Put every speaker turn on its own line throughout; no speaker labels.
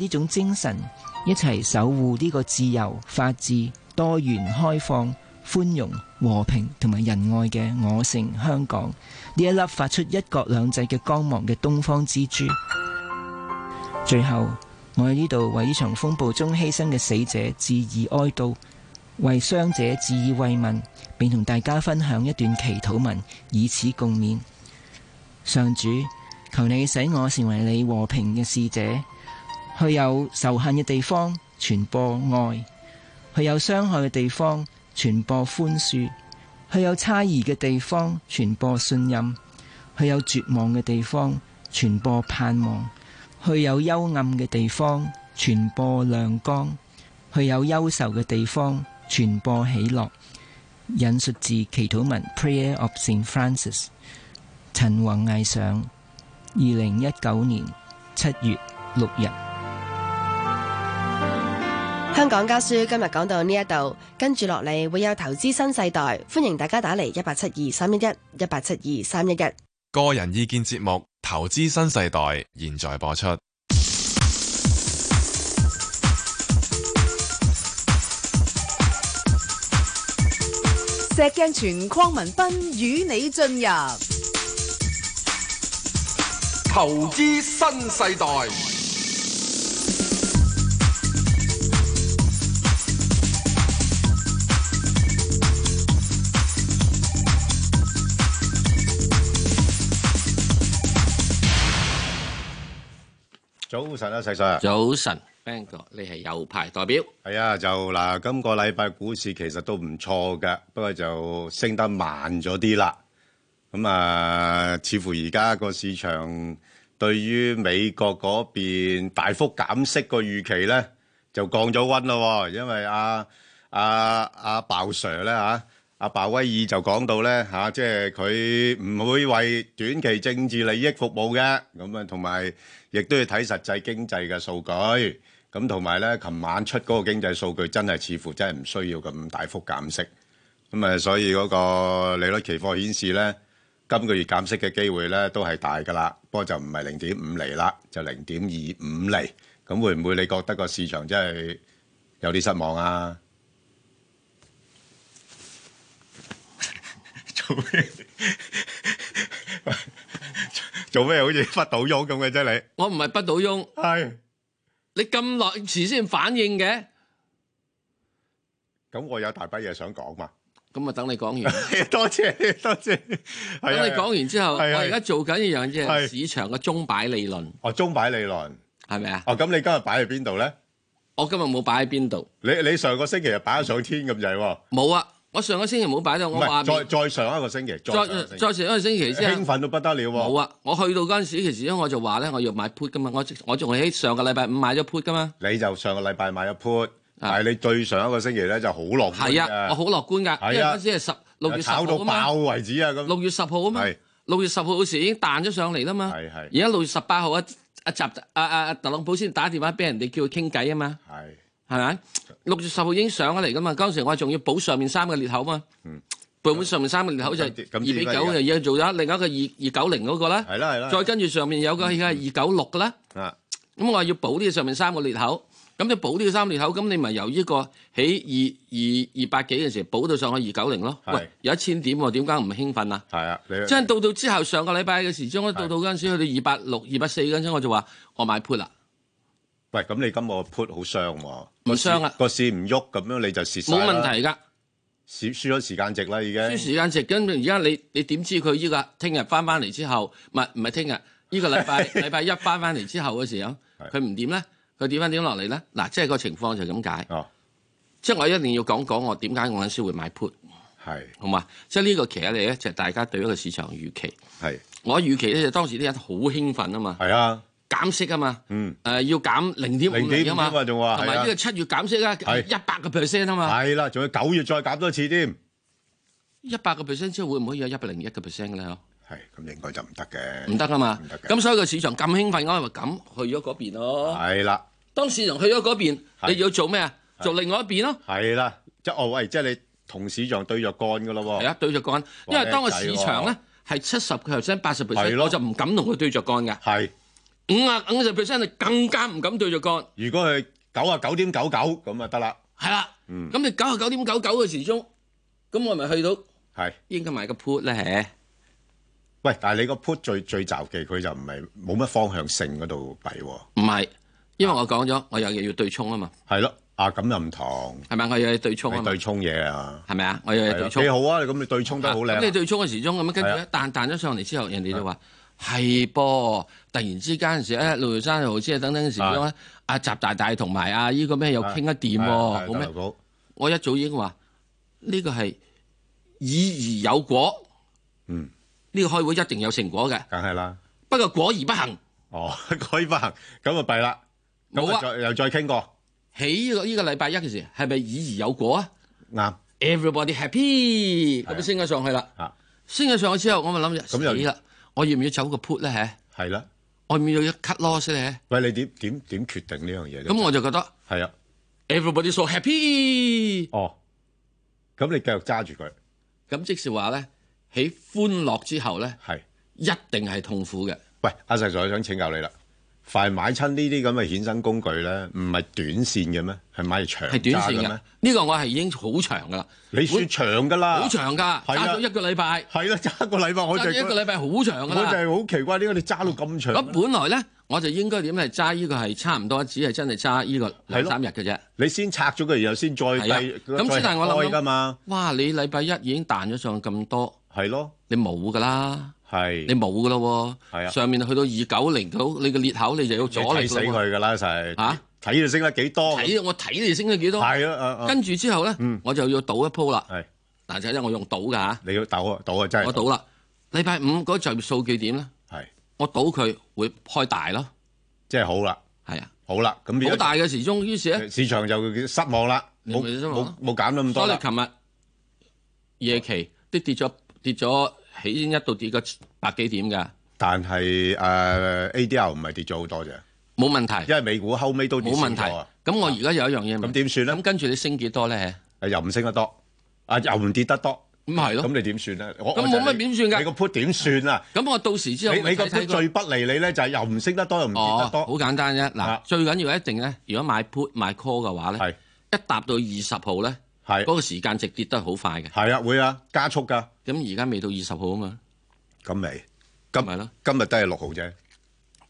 呢種精神，一齊守護呢個自由、法治、多元、開放、寬容、和平同埋仁愛嘅我城香港，呢一粒發出一國兩制嘅光芒嘅東方之珠。最後，我喺呢度為呢場風暴中犧牲嘅死者致以哀悼，為傷者致以慰問，並同大家分享一段祈禱文，以此共勉。上主，求你使我成為你和平嘅使者。去有仇恨嘅地方傳播愛，去有傷害嘅地方傳播寬恕，去有差異嘅地方傳播信任，去有絕望嘅地方傳播盼望，去有幽暗嘅地方傳播亮光，去有憂愁嘅地方傳播喜樂。引述自祈禱文《Prayer of St Francis》，陳宏毅上，二零一九年七月六日。
香港家書今日講到呢一度，跟住落嚟會有投資新世代，歡迎大家打嚟一八七二三一一一八七二三一一。2, 11, 2,
個人意見節目《投資新世代》現在播出。
石鏡泉、鄺民彬與你進入
《投資新世代》。
早晨啊，石 Sir。早晨，Bang 哥，ingo, 你係右派代表。係啊，就嗱，今個禮拜股市其實都唔錯噶，不過就升得慢咗啲啦。咁啊、呃，似乎而家個市場對於美國嗰邊大幅減息個預期咧，就降咗溫咯，因為啊阿阿、啊啊、鮑 Sir 咧吓。啊阿鮑威爾就講到咧吓，啊，即係佢唔會為短期政治利益服務嘅，咁啊，同埋亦都要睇實際經濟嘅數據，咁同埋咧，琴晚出嗰個經濟數據真係似乎真係唔需要咁大幅減息，咁啊，所以嗰個利率期貨顯示咧，今個月減息嘅機會咧都係大噶啦，不過就唔係零點五厘啦，就零點二五厘，咁會唔會你覺得個市場真係有啲失望啊？做咩？做咩？好似不倒翁咁嘅啫，你我唔係不倒翁，係你咁耐遲先反應嘅。咁我有大把嘢想講嘛。咁啊，等你講完。多謝多謝。咁你講完之後，我而家做緊一樣嘢，市場嘅鐘擺理論。哦，鐘擺理論係咪啊？哦，咁你今日擺喺邊度咧？我今日冇擺喺邊度。你你上個星期日擺咗上天咁滯喎。冇啊。我上個星期冇擺到，是我話再再上一個星期，再
再上一個星期，興奮到不得了喎，啊！冇啊，我去到嗰陣時，其實我就話咧，我要買 put 噶嘛，我我仲喺上個禮拜五買咗 put
噶嘛。你就上個禮拜買咗 put，的但係你最上一個星期咧就好樂觀。係啊，我好
樂觀噶，的因為嗰時係十六
月十啊六月十號啊嘛，六月十號嗰時
已經彈咗上嚟啦嘛。係係。而家六月十八號，阿阿習阿阿特朗普先打電話俾人哋，叫佢傾偈啊嘛。係。係咪六月十號已經上咗嚟噶嘛？當時我仲要補上面三個裂口嘛？嗯，補滿上面三個裂口就係二比九就已經做咗，另一個二二九零嗰個咧，係啦係啦，再跟住上面有個而家二九六嘅啦。啊、嗯，咁我話要補呢個上面三個裂口，咁你補呢個三個裂口，咁你咪由呢個起二二二百幾嘅時候補到上去二九零咯。的喂，有一千點，點解唔興奮啊？係啊，即係到到之後上個禮拜嘅時候，將到到間先去到二百六、二百四嗰陣，我就話我買 put 啦。
喂，咁你今日 put 好傷喎，冇傷啊，個市唔喐咁樣你就蝕晒冇問題噶，蝕輸咗時間值啦已經輸間，輸時間值，跟住而家你你點知佢依、這個聽日翻翻嚟之
後，唔係唔係聽日，依、這個禮拜禮拜一翻翻嚟之後嘅時候，佢唔點咧，佢點翻點落嚟咧？嗱、啊，即係個情況就咁解，哦、即係我一定要講講我點解我先會買 put，係的，好嘛？即係呢個其實你咧，就是、大家對一個市場預期，係的，我預期咧就是、當時啲人好興奮啊嘛，係啊。減息啊嘛，誒要減零點五厘啊嘛，仲話同埋呢個七
月減息啦，係一百個 percent 啊嘛，係啦，仲要九月再減多次添，
一百個 percent 之後會唔會有一百零一個 percent 咧？嗬，係，咁應該就唔得嘅，唔得啊嘛，唔得嘅，咁所以個市場咁興奮，我咪噉去咗嗰邊咯，係啦，當市場去咗嗰邊，你要做咩啊？做另外一邊咯，係啦，即係哦喂，即係你同市場對着幹噶咯，係啊，對着幹，因為當個市場咧係七十個 percent、八十 percent，係咯，我就唔敢同佢對着幹噶，係。五啊五十 percent 啊，更加唔敢對着幹。
如果係九啊九點九九咁就得啦。係
啦，
咁你九啊九點九九嘅時鐘，咁我咪去到係應該買個 put 咧？嚇，喂，但係你個 put 最最雜忌，佢就唔係冇乜方向性嗰度畀喎。唔係，因為我講咗，
我有嘢要對沖啊嘛。係咯，啊咁又唔同。係咪？我有嘢對沖啊。係對沖嘢啊。係
咪啊？我有嘢對沖。幾好啊！你咁你對沖得好靚。咁你
對沖嘅時鐘咁樣跟住一彈彈咗上嚟之後，人哋就話。係噃，突然之間時咧，六月三十號先係等等時，咁阿習大大同埋阿依個咩又傾得掂喎，好咩？我一早已經話呢個係以而有果，嗯，呢個開會一定有成果嘅，
梗係啦。不過果而不行，哦，果而不行，咁就弊啦，冇啊，又再傾過。起呢個呢禮拜一嘅時，係咪以而有果啊？啱，Everybody
happy，咁升咗上去啦，升咗上去之後，我咪諗就死啦。我要唔要走個 put 咧？嚇，係啦，我咪要一 cut loss 咧？
喂，你點點點決定呢樣嘢咧？咁我就覺得係啊的
，everybody so happy 哦，咁你
繼續揸住佢，咁即是話咧，喺歡樂之後咧，係的一定係痛苦嘅。喂，阿石，我想請教你啦。快買親呢啲咁嘅衍生工具咧，唔係短線嘅咩？係買長揸嘅咩？呢個我係已經好長噶啦。你算長㗎啦，好長㗎，揸咗
的一個禮拜。係啦，揸一個禮拜我就一個禮拜好長啦。我就係好奇怪，點解你揸到咁長呢？咁本來咧，我就應該點嚟揸？呢個係差唔多，只係真係揸呢個兩三日嘅啫。你先拆咗佢，然後先再嚟。咁只的但係我諗㗎嘛！哇！你禮拜一已經彈咗上去咁多，係咯的，你冇㗎啦。係你冇噶啦，係啊！上面去到二九零九，你個裂口你就要阻嚟佢，睇死佢噶啦，就係吓睇你升得幾多，睇我睇你升得幾多，係啦，跟住之後咧，我就要賭一鋪啦。係嗱，就因為我用賭噶吓，你要賭啊，賭啊真係我賭啦。禮拜五嗰就業數據點
咧，係我賭佢會開大咯，即係好啦，係啊，好啦，咁好大嘅時鐘，於是咧市場就失望啦，冇冇冇減咗咁多啦。所以琴日
夜期都跌咗跌咗。起先一度跌個百幾點嘅，
但係誒 ADR 唔係跌咗好多啫，冇問題。因為美股後尾都冇問題。咁我而家有一樣嘢，咁點算咧？咁跟住你升幾多咧？又唔升得多，啊又唔跌得多，咁係咯。咁你點算咧？我咁冇乜點算㗎？你個 put 點算啊？咁我到時之後，你個 put 最不利你咧，就係又唔升得多又唔跌得多。好簡單啫。嗱，
最緊要一定咧，如果買 put 買 call 嘅話咧，一達到二十號咧。係嗰個時間直跌得好
快嘅，係啊，會啊，加速噶。咁而家未到二十號啊嘛，咁未，今日咯，今日都係六號啫。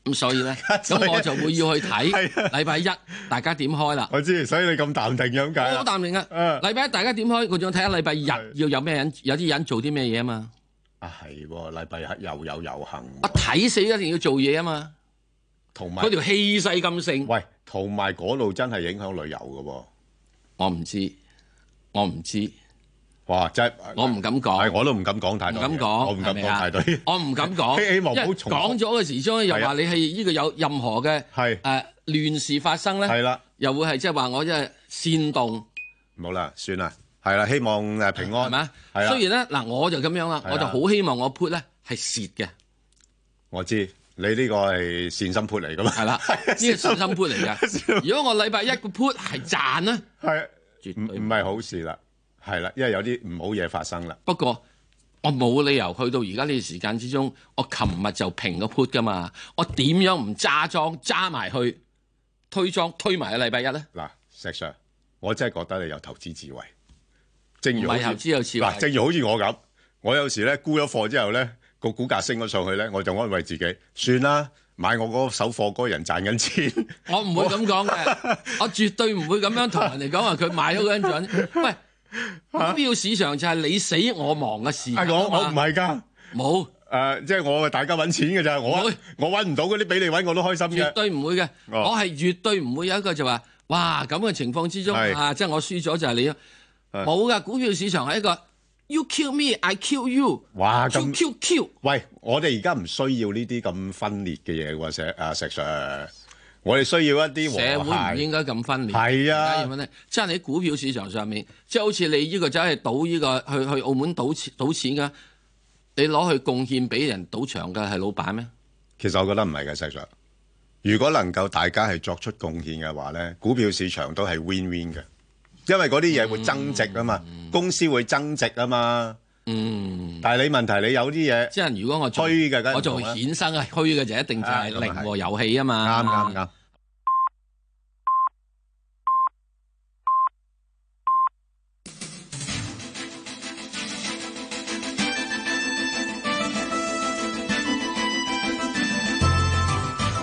咁所以咧，咁我就會要去睇禮拜一
大家點開啦。我知，所以你咁淡定樣噶。我好淡定啊！禮拜一大家點開，我仲睇下禮拜日要有咩人，有啲人做啲咩嘢啊嘛。
啊，係禮拜一又有遊行。我
睇死一定要做嘢啊嘛。同埋嗰條氣
勢咁盛，喂，同埋嗰度真係影響旅遊噶。我唔知。我唔知，哇！即係我唔敢講，係我都唔敢講太多，我唔敢講太多，我唔敢講。希望唔好重講
咗嘅時候又話你係呢個有任何嘅誒亂事發生咧，係啦，又會係即係話我即係煽動。好啦，算啦，係啦，希望誒
平安係咪啊？係啊。雖然咧
嗱，我就咁樣啦，我就好
希望我 put 咧係蝕嘅。我知你呢個係善心 put 嚟噶嘛？係啦，呢個善心 put 嚟噶。如果我禮拜一個 put 係賺咧，係。唔唔係好事啦，係啦，因為有
啲唔好嘢發生啦。不過我冇理由去到而家呢個時間之中，我琴日就平咗 put 噶嘛，我點樣唔揸莊揸埋去推莊推埋喺禮拜一咧？
嗱，石 Sir，我真係覺得你有投資智慧，正如唔係投資有智慧。嗱，正如好似我咁，我有時咧沽咗貨之後咧，個股價升咗上去咧，我就安慰自己，算啦。買我嗰手貨嗰個人賺緊錢， 我唔會咁講嘅，
我絕對唔會咁樣同人哋講話佢買咗嗰陣，喂，股票市場就係你死我亡嘅事。我我唔係噶，冇有，誒、呃，即係我大家搵
錢嘅咋我有我搵唔到嗰啲俾你搵，我都開心嘅。絕
對唔會嘅，哦、我係絕對唔會有一個就話，哇咁嘅情況之中，是啊，即係我輸咗就係你，冇噶是，股票市場
係一個。You kill me, I kill you. 哇咁，喂，我哋而家唔需要呢啲咁分裂嘅嘢喎，石阿、啊、石 Sir，我哋需要一啲和諧，唔應
該咁分裂。係啊，即係喺股票市場上面，即係好似你呢個真係賭呢、呢個去去澳門賭錢賭錢噶，你攞去貢獻俾人賭場嘅係老
闆咩？其實我覺得唔係嘅，石 Sir。如果能夠大家係作出貢獻嘅話咧，股票市場都係 win win 嘅。因為嗰啲嘢會增值啊嘛，公司會增值啊嘛，嗯，但係你問題，你有啲嘢，即係如果我虛嘅梗係，我仲衍生啊虛嘅就一定就係零和遊戲啊嘛，啱啱啱。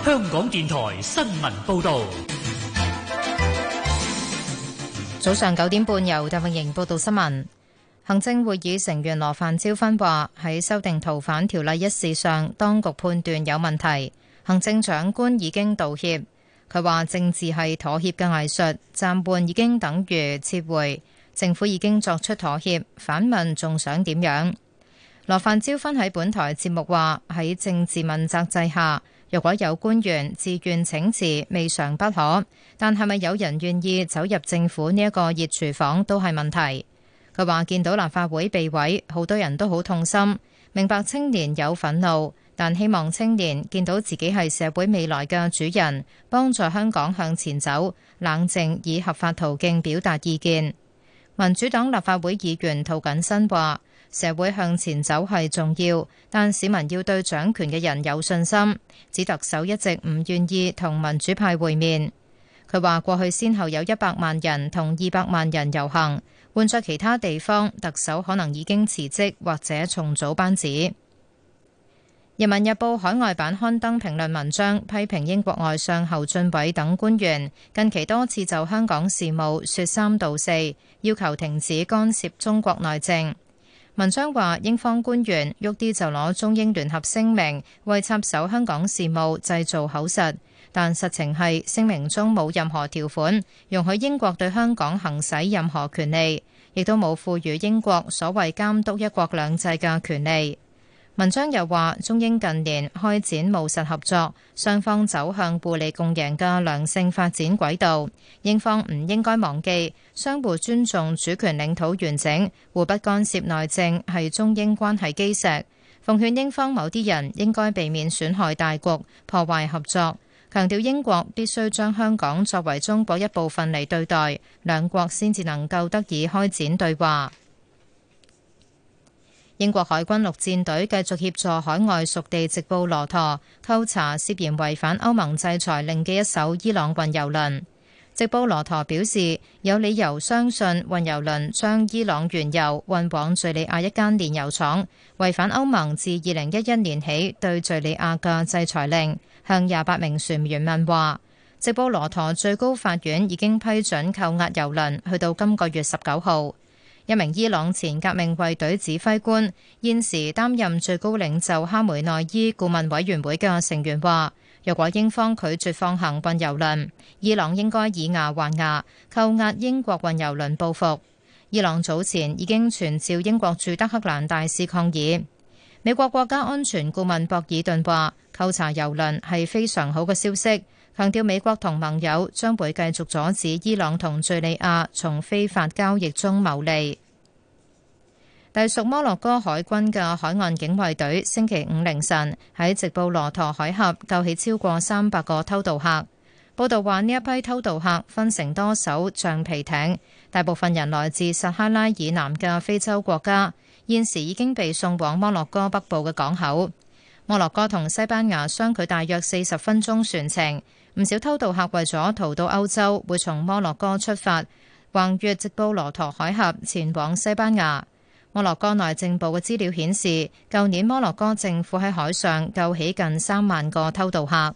香港電台新聞報道。
早上九點半，由鄧永盈報道新聞。行政會議成員羅范椒芬話：喺修訂逃犯條例一事上，當局判斷有問題。行政長官已經道歉。佢話政治係妥協嘅藝術，暫緩已經等於撤回。政府已經作出妥協，反問仲想點樣？羅范椒芬喺本台節目話：喺政治問責制下。如果有官員自願請辭，未嘗不可。但係咪有人願意走入政府呢一個熱廚房都係問題。佢話見到立法會被毀，好多人都好痛心，明白青年有憤怒，但希望青年見到自己係社會未來嘅主人，幫助香港向前走，冷靜以合法途徑表達意見。民主黨立法會議員涂謹申話。社會向前走係重要，但市民要對掌權嘅人有信心。指特首一直唔願意同民主派會面。佢話：過去先後有一百萬人同二百萬人遊行，換在其他地方，特首可能已經辭職或者重組班子。《人民日報》海外版刊登評論文章，批評英國外相侯俊偉等官員近期多次就香港事務説三道四，要求停止干涉中國內政。文章話，英方官員喐啲就攞中英聯合聲明為插手香港事務製造口實，但實情係聲明中冇任何條款容許英國對香港行使任何權利，亦都冇賦予英國所謂監督一國兩制嘅權利。文章又話：中英近年開展務實合作，雙方走向互利共贏嘅良性發展軌道。英方唔應該忘記，相互尊重主權、領土完整、互不干涉內政係中英關係基石。奉勸英方某啲人應該避免損害大局、破壞合作。強調英國必須將香港作為中國一部分嚟對待，兩國先至能夠得以開展對話。英國海軍陸戰隊繼續協助海外屬地直布羅陀扣查涉嫌違反歐盟制裁令嘅一艘伊朗運油輪。直布羅陀表示有理由相信運油輪將伊朗原油運往敘利亞一間煉油廠，違反歐盟自二零一一年起對敘利亞嘅制裁令。向廿八名船員問話。直布羅陀最高法院已經批准扣押油輪去到今個月十九號。一名伊朗前革命衛隊指揮官，現時擔任最高領袖哈梅內伊顧問委員會嘅成員話，若果英方拒絕放行運油輪，伊朗應該以牙還牙，扣押英國運油輪報復。伊朗早前已經傳召英國駐德克蘭大使抗議。美國國家安全顧問博爾頓話，扣查油輪係非常好嘅消息。強調美國同盟友將會繼續阻止伊朗同敘利亞從非法交易中牟利。隸屬摩洛哥海軍嘅海岸警衛隊星期五凌晨喺直布羅陀海峽救起超過三百個偷渡客。報道話呢一批偷渡客分成多艘橡皮艇，大部分人來自撒哈拉以南嘅非洲國家，現時已經被送往摩洛哥北部嘅港口。摩洛哥同西班牙相距大約四十分鐘船程。唔少偷渡客為咗逃到歐洲，會從摩洛哥出發，橫越直布羅陀海峽，前往西班牙。摩洛哥內政部嘅資料顯示，舊年摩洛哥政府喺海上救起近三萬個偷渡客。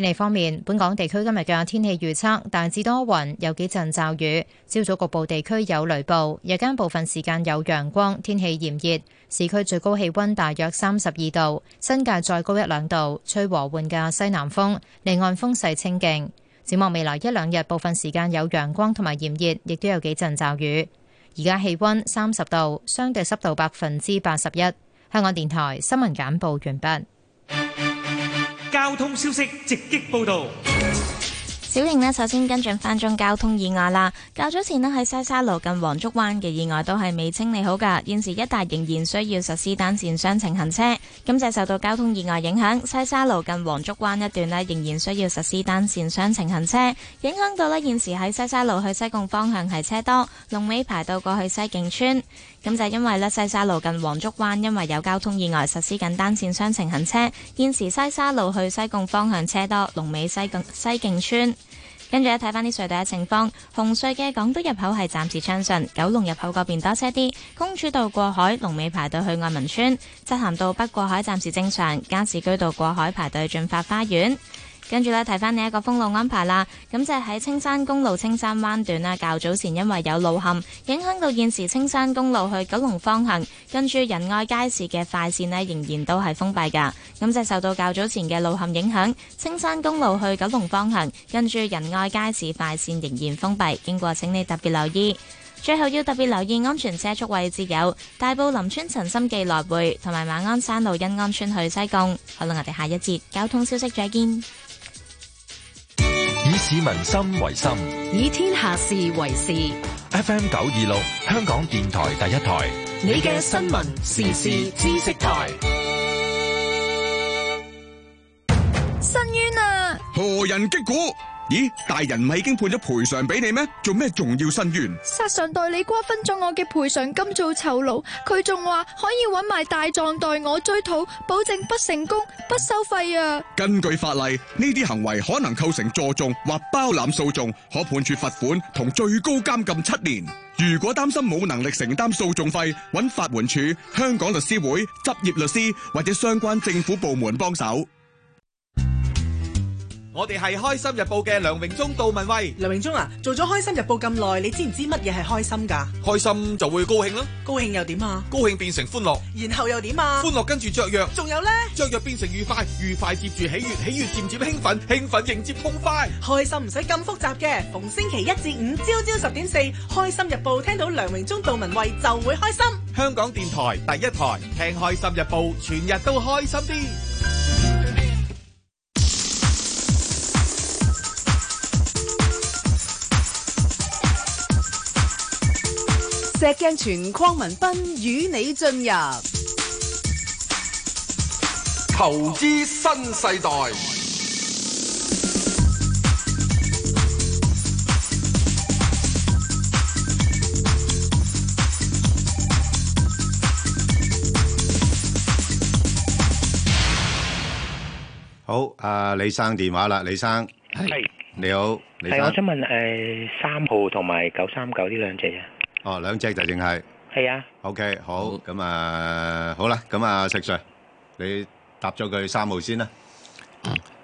天氣方面，本港地區今日嘅天氣預測大致多雲，有幾陣驟雨。朝早局部地區有雷暴，日間部分時間有陽光，天氣炎熱。市區最高氣溫大約三十二度，新界再高一兩度，吹和緩嘅西南風，離岸風勢清勁。展望未來一兩日，部分時間有陽光同埋炎熱，亦都有幾陣驟雨。而家氣溫三十度，相對濕度百分之八十一。香港電台新聞簡報完畢。
交通消息直擊報道，
小瑩呢，首先跟進翻宗交通意外啦。較早前呢，喺西沙路近黃竹灣嘅意外都係未清理好噶，現時一帶仍然需要實施單線雙程行車。今次受到交通意外影響，西沙路近黃竹灣一段呢，仍然需要實施單線雙程行車，影響到呢，現時喺西沙路去西貢方向係車多，龍尾排到過去西徑村。咁就係因為咧西沙路近黃竹灣，因為有交通意外實施緊單線雙程行車。現時西沙路去西貢方向車多，龍尾西貢西徑村。跟住一睇翻啲隧道嘅情況，紅隧嘅港島入口係暫時暢順，九龍入口嗰邊多車啲。公主道過海龍尾排隊去愛民村，漆咸道北過海暫時正常，加士居道過海排隊進發花園。跟住咧，睇翻呢一個封路安排啦。咁就喺青山公路青山灣段啦。較早前因為有路陷，影響到現時青山公路去九龍方向。跟住仁愛街市嘅快線呢，仍然都係封閉噶。咁就受到較早前嘅路陷影響，青山公路去九龍方向，跟住仁愛街市快線仍然封閉。經過，請你特別留意。最後要特別留意安全車速位置有大埔林村陳心記來回同埋馬鞍山路欣安村去西貢。好啦，我哋下一節交通消息再見。
以市民
心為心，
以天下事為事。
FM 九二六，香港電台
第一台，
你嘅新聞時
事知識台。
伸冤啊！
何人擊鼓？咦，大人唔係已經判咗賠償俾你咩？做咩仲要申冤？
殺上代理瓜分咗我嘅賠償金做酬勞，佢仲話可以搵埋大狀代我追討，保證不成功不收費啊！
根據法例，呢啲行為可能構成助訟或包攬訴訟，可判處罰款同最高監禁七年。如果擔心冇能力承擔訴訟費，搵法援署、香港律師會、執業律師或者相關政府部門幫手。我哋係開心日報嘅梁榮忠、杜文慧。梁榮忠啊，做咗開心日報咁耐，你知唔知乜嘢係開心噶？開心就會高興咯。高興又點啊？高興變成歡樂，然後又點啊？歡樂跟住雀躍，仲有呢？雀躍變成愉快，愉快接住喜悅，喜悅漸漸興奮，興奮迎接痛快。開心唔使咁複雜嘅，逢星期一至五朝朝十點四，開心日報聽到梁榮忠、杜文慧就
會開心。香港電台第一台，聽開心日報，全日都開心啲。
石鏡泉、鄺民彬與你進入
投
資新世代。
好，阿李生電話啦，李生係是你好，是李生，我想問誒，三號同埋九三九呢兩隻嘢。哦，兩隻就淨係係啊，OK 好，咁啊好啦，咁啊石 sir，你答咗佢三號先啦。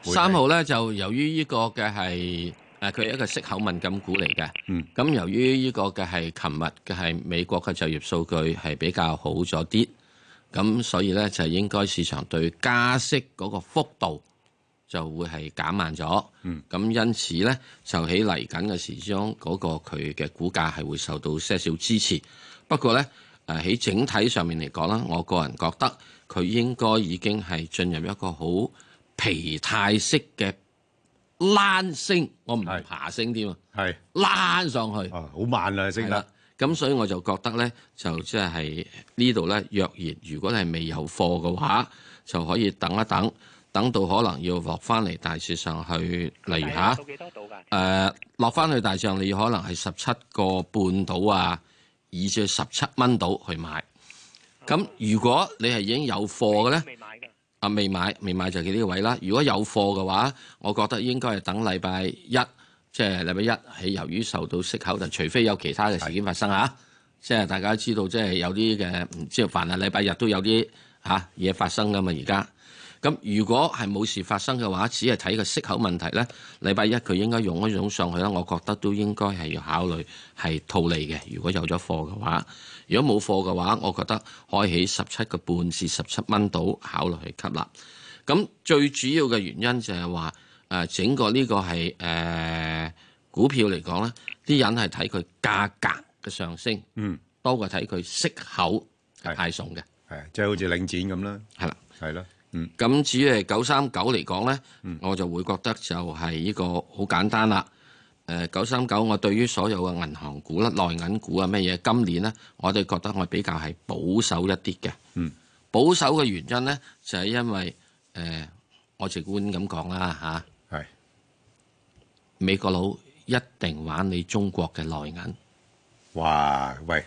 三號咧就由於呢個嘅係誒，佢係
一個息口敏感股嚟嘅，咁由於呢個嘅係琴日嘅係美國嘅就業數據係比較好咗啲，咁所以咧就應該市場對加息嗰個幅度，就會係減慢咗，咁、嗯、因此呢，就喺嚟緊嘅時鐘嗰、那個佢嘅股價係會受到些少支持。不過呢，喺、呃、整體上面嚟講啦，我個人覺得佢應該已經係進入一個好疲態式嘅躝升，我唔係爬升添啊，係躝是上去，好、啊、慢啊升啦。咁所以我就覺得呢，就即係呢度呢，若然如果係未有貨嘅話，就可以等一等。等到可能要落翻嚟大市上去下，例如吓，幾多度㗎？誒落翻去大上，你可能係十七個半到啊，以至十七蚊到去買。咁、啊、如果你係已經有貨嘅咧，未買嘅，啊未買未買就幾呢個位啦。如果有貨嘅話，我覺得應該係等禮拜一，即係禮拜一係由於受到息口，但除非有其他嘅事件發生嚇，即係的、啊就是、大家都知道，即、就、係、是、有啲嘅，即係凡係禮拜日都有啲吓，嘢、啊、發生㗎嘛，而家。咁如果係冇事發生嘅話，只係睇個息口問題呢，禮拜一佢應該用一用上去啦，我覺得都應該係要考慮係套利嘅。如果有咗貨嘅話，如果冇貨嘅話，我覺得開起十七個半至十七蚊到，考慮去吸納。咁最主要嘅原因就係話誒整個呢個係誒、呃、股票嚟講呢啲人係睇佢價格嘅上升，嗯，多過睇佢息口派送嘅，係即係好似領展咁啦，係啦的，係咯的。咁、嗯、至於係九三九嚟講咧，嗯、我就會覺得就係呢個好簡單啦。誒九三九，我對於所有嘅銀行股啦、內銀股啊、咩嘢，今年咧，我哋覺得我比較係保守一啲嘅。嗯、保守嘅原因咧，就係、是、因為誒、呃，我直觀咁講啦嚇。係、啊、是美國佬一定玩你中國嘅內銀。哇！喂，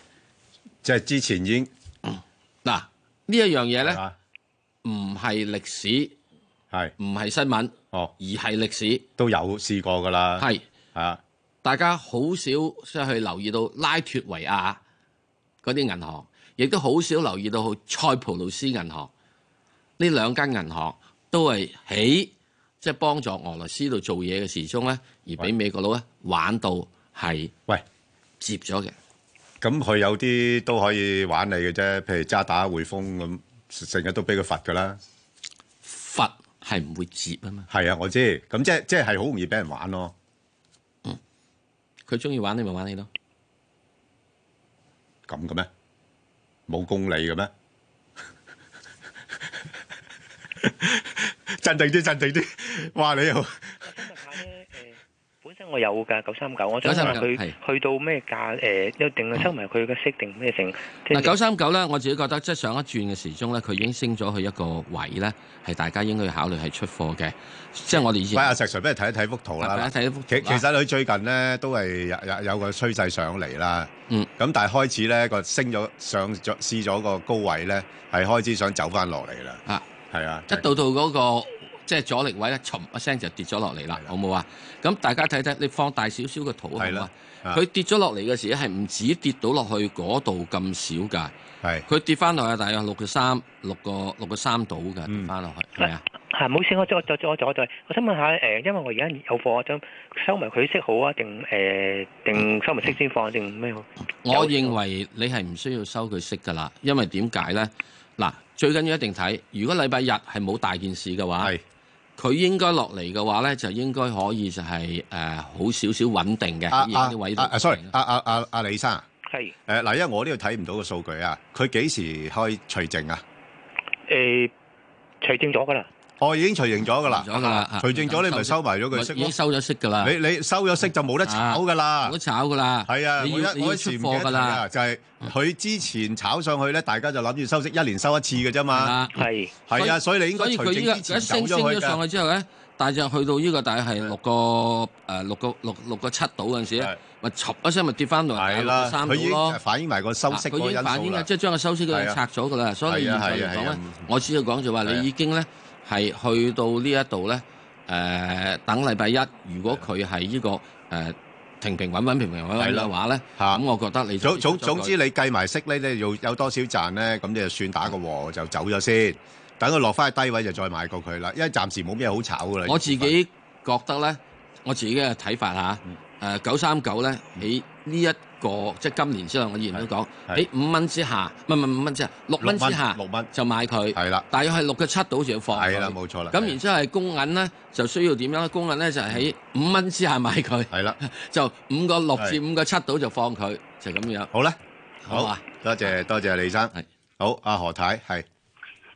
即、就、係、是、之前已經嗱、嗯、呢一樣嘢咧。唔係歷史，係唔係新聞？哦，而係歷史都有試過㗎啦。係是啊，大家好少出去留意到拉脫維亞嗰啲銀行，亦都好少留意到塞浦路斯銀行呢兩間銀行都係喺即係幫助俄羅斯度做嘢嘅時鐘咧，而俾美國佬咧
玩到係喂接咗嘅。咁佢有啲都可以玩你嘅啫，譬如渣打匯豐咁。成日都俾佢罰㗎啦，罰係唔會接啊嘛。係啊，我知，咁即係即係，係好容易俾人玩咯，啊。佢中意玩你咪玩你咯。咁嘅咩？冇公理嘅咩？鎮定啲，鎮定啲。哇，你又～
我有噶九三九，我想問佢去到咩價？誒，一定收埋佢嘅息定咩定？
嗱九三九咧，我自己覺得即係上一轉嘅時鐘咧，佢已經升咗去一個位咧，係大家
應該考慮係出貨嘅。即係我哋以前。喂，阿石，俾你睇一睇幅圖啦。睇一睇幅，其其實佢最近咧都係有有個趨勢上嚟啦。嗯。咁但係開始咧個升咗上咗試咗個高位咧，係開始想走翻落嚟啦。啊。係啊。一到到嗰個。即係阻力位
咧，沉一聲就跌咗落嚟啦，好冇啊？咁是的 大家睇睇，你放大點點那那少少嘅圖好冇？佢跌咗落嚟嘅時係唔止跌到落去嗰度咁少㗎，係佢跌翻落去大概六個三、六個六個三度㗎，跌翻落去
係啊！係冇、嗯、是的 事，我再再再再我想問下誒、呃，因為我而家有貨我將收埋佢息好啊，定誒定收埋息先放定咩？好，
我認為你係唔需要收佢息㗎啦，因為點解咧？嗱，最緊要一定睇，如果禮拜日係冇大件事嘅話，係。佢應該落嚟嘅話咧，就應該可以就係、是、誒、呃、好少少
穩定嘅、啊啊。啊 sorry，啊啊！sorry，阿阿阿阿李生，係誒嗱，因為我呢度睇唔到個數據啊，佢幾時開除證啊？誒、呃，除證咗㗎喇。我已經除淨咗噶啦，除淨咗你咪收埋咗佢息咯。收咗息噶啦，你你收咗息就冇得炒噶啦，冇得炒噶啦。係啊，我一我一出貨噶啦，就係佢之前炒上去咧，大家就諗住收息，一年收一次嘅啫嘛。係，係啊，所以你應該除淨之前一升升咗上去之後咧，大隻去到呢個大約係六個誒六個六六
個七度嗰陣時咧，咪闙一聲咪跌翻落嚟六個三度咯。反映埋個收息嗰個因素啦。即係將個收息嗰個拆咗噶啦。所以現在嚟講咧，我主要講就話你已經咧。係去到呢一度咧，誒等禮拜一，如果佢係呢個誒平平穩穩、平平穩穩嘅話咧，咁我覺得你總總總之你
計埋息咧，咧又有多少賺咧？咁你就算打個和就走咗先，等佢落返去低位就再買過佢啦。因為暫時冇咩好炒噶啦。我自己覺得咧，
我自己嘅睇法嚇，誒九三九咧喺呢一。個即係今年之後，我以前都講喺五蚊之下，唔係唔係五蚊之下，六蚊之下六蚊就買佢。係啦，大約係六個七度就要放。係啦，冇錯啦。咁然之後係公銀咧，就需要點樣咧？公銀咧就喺五蚊之下買佢。係啦，
就五個六至五個七度就放佢，就咁樣。好啦，好啊，多謝多謝李生。係好，阿何太係。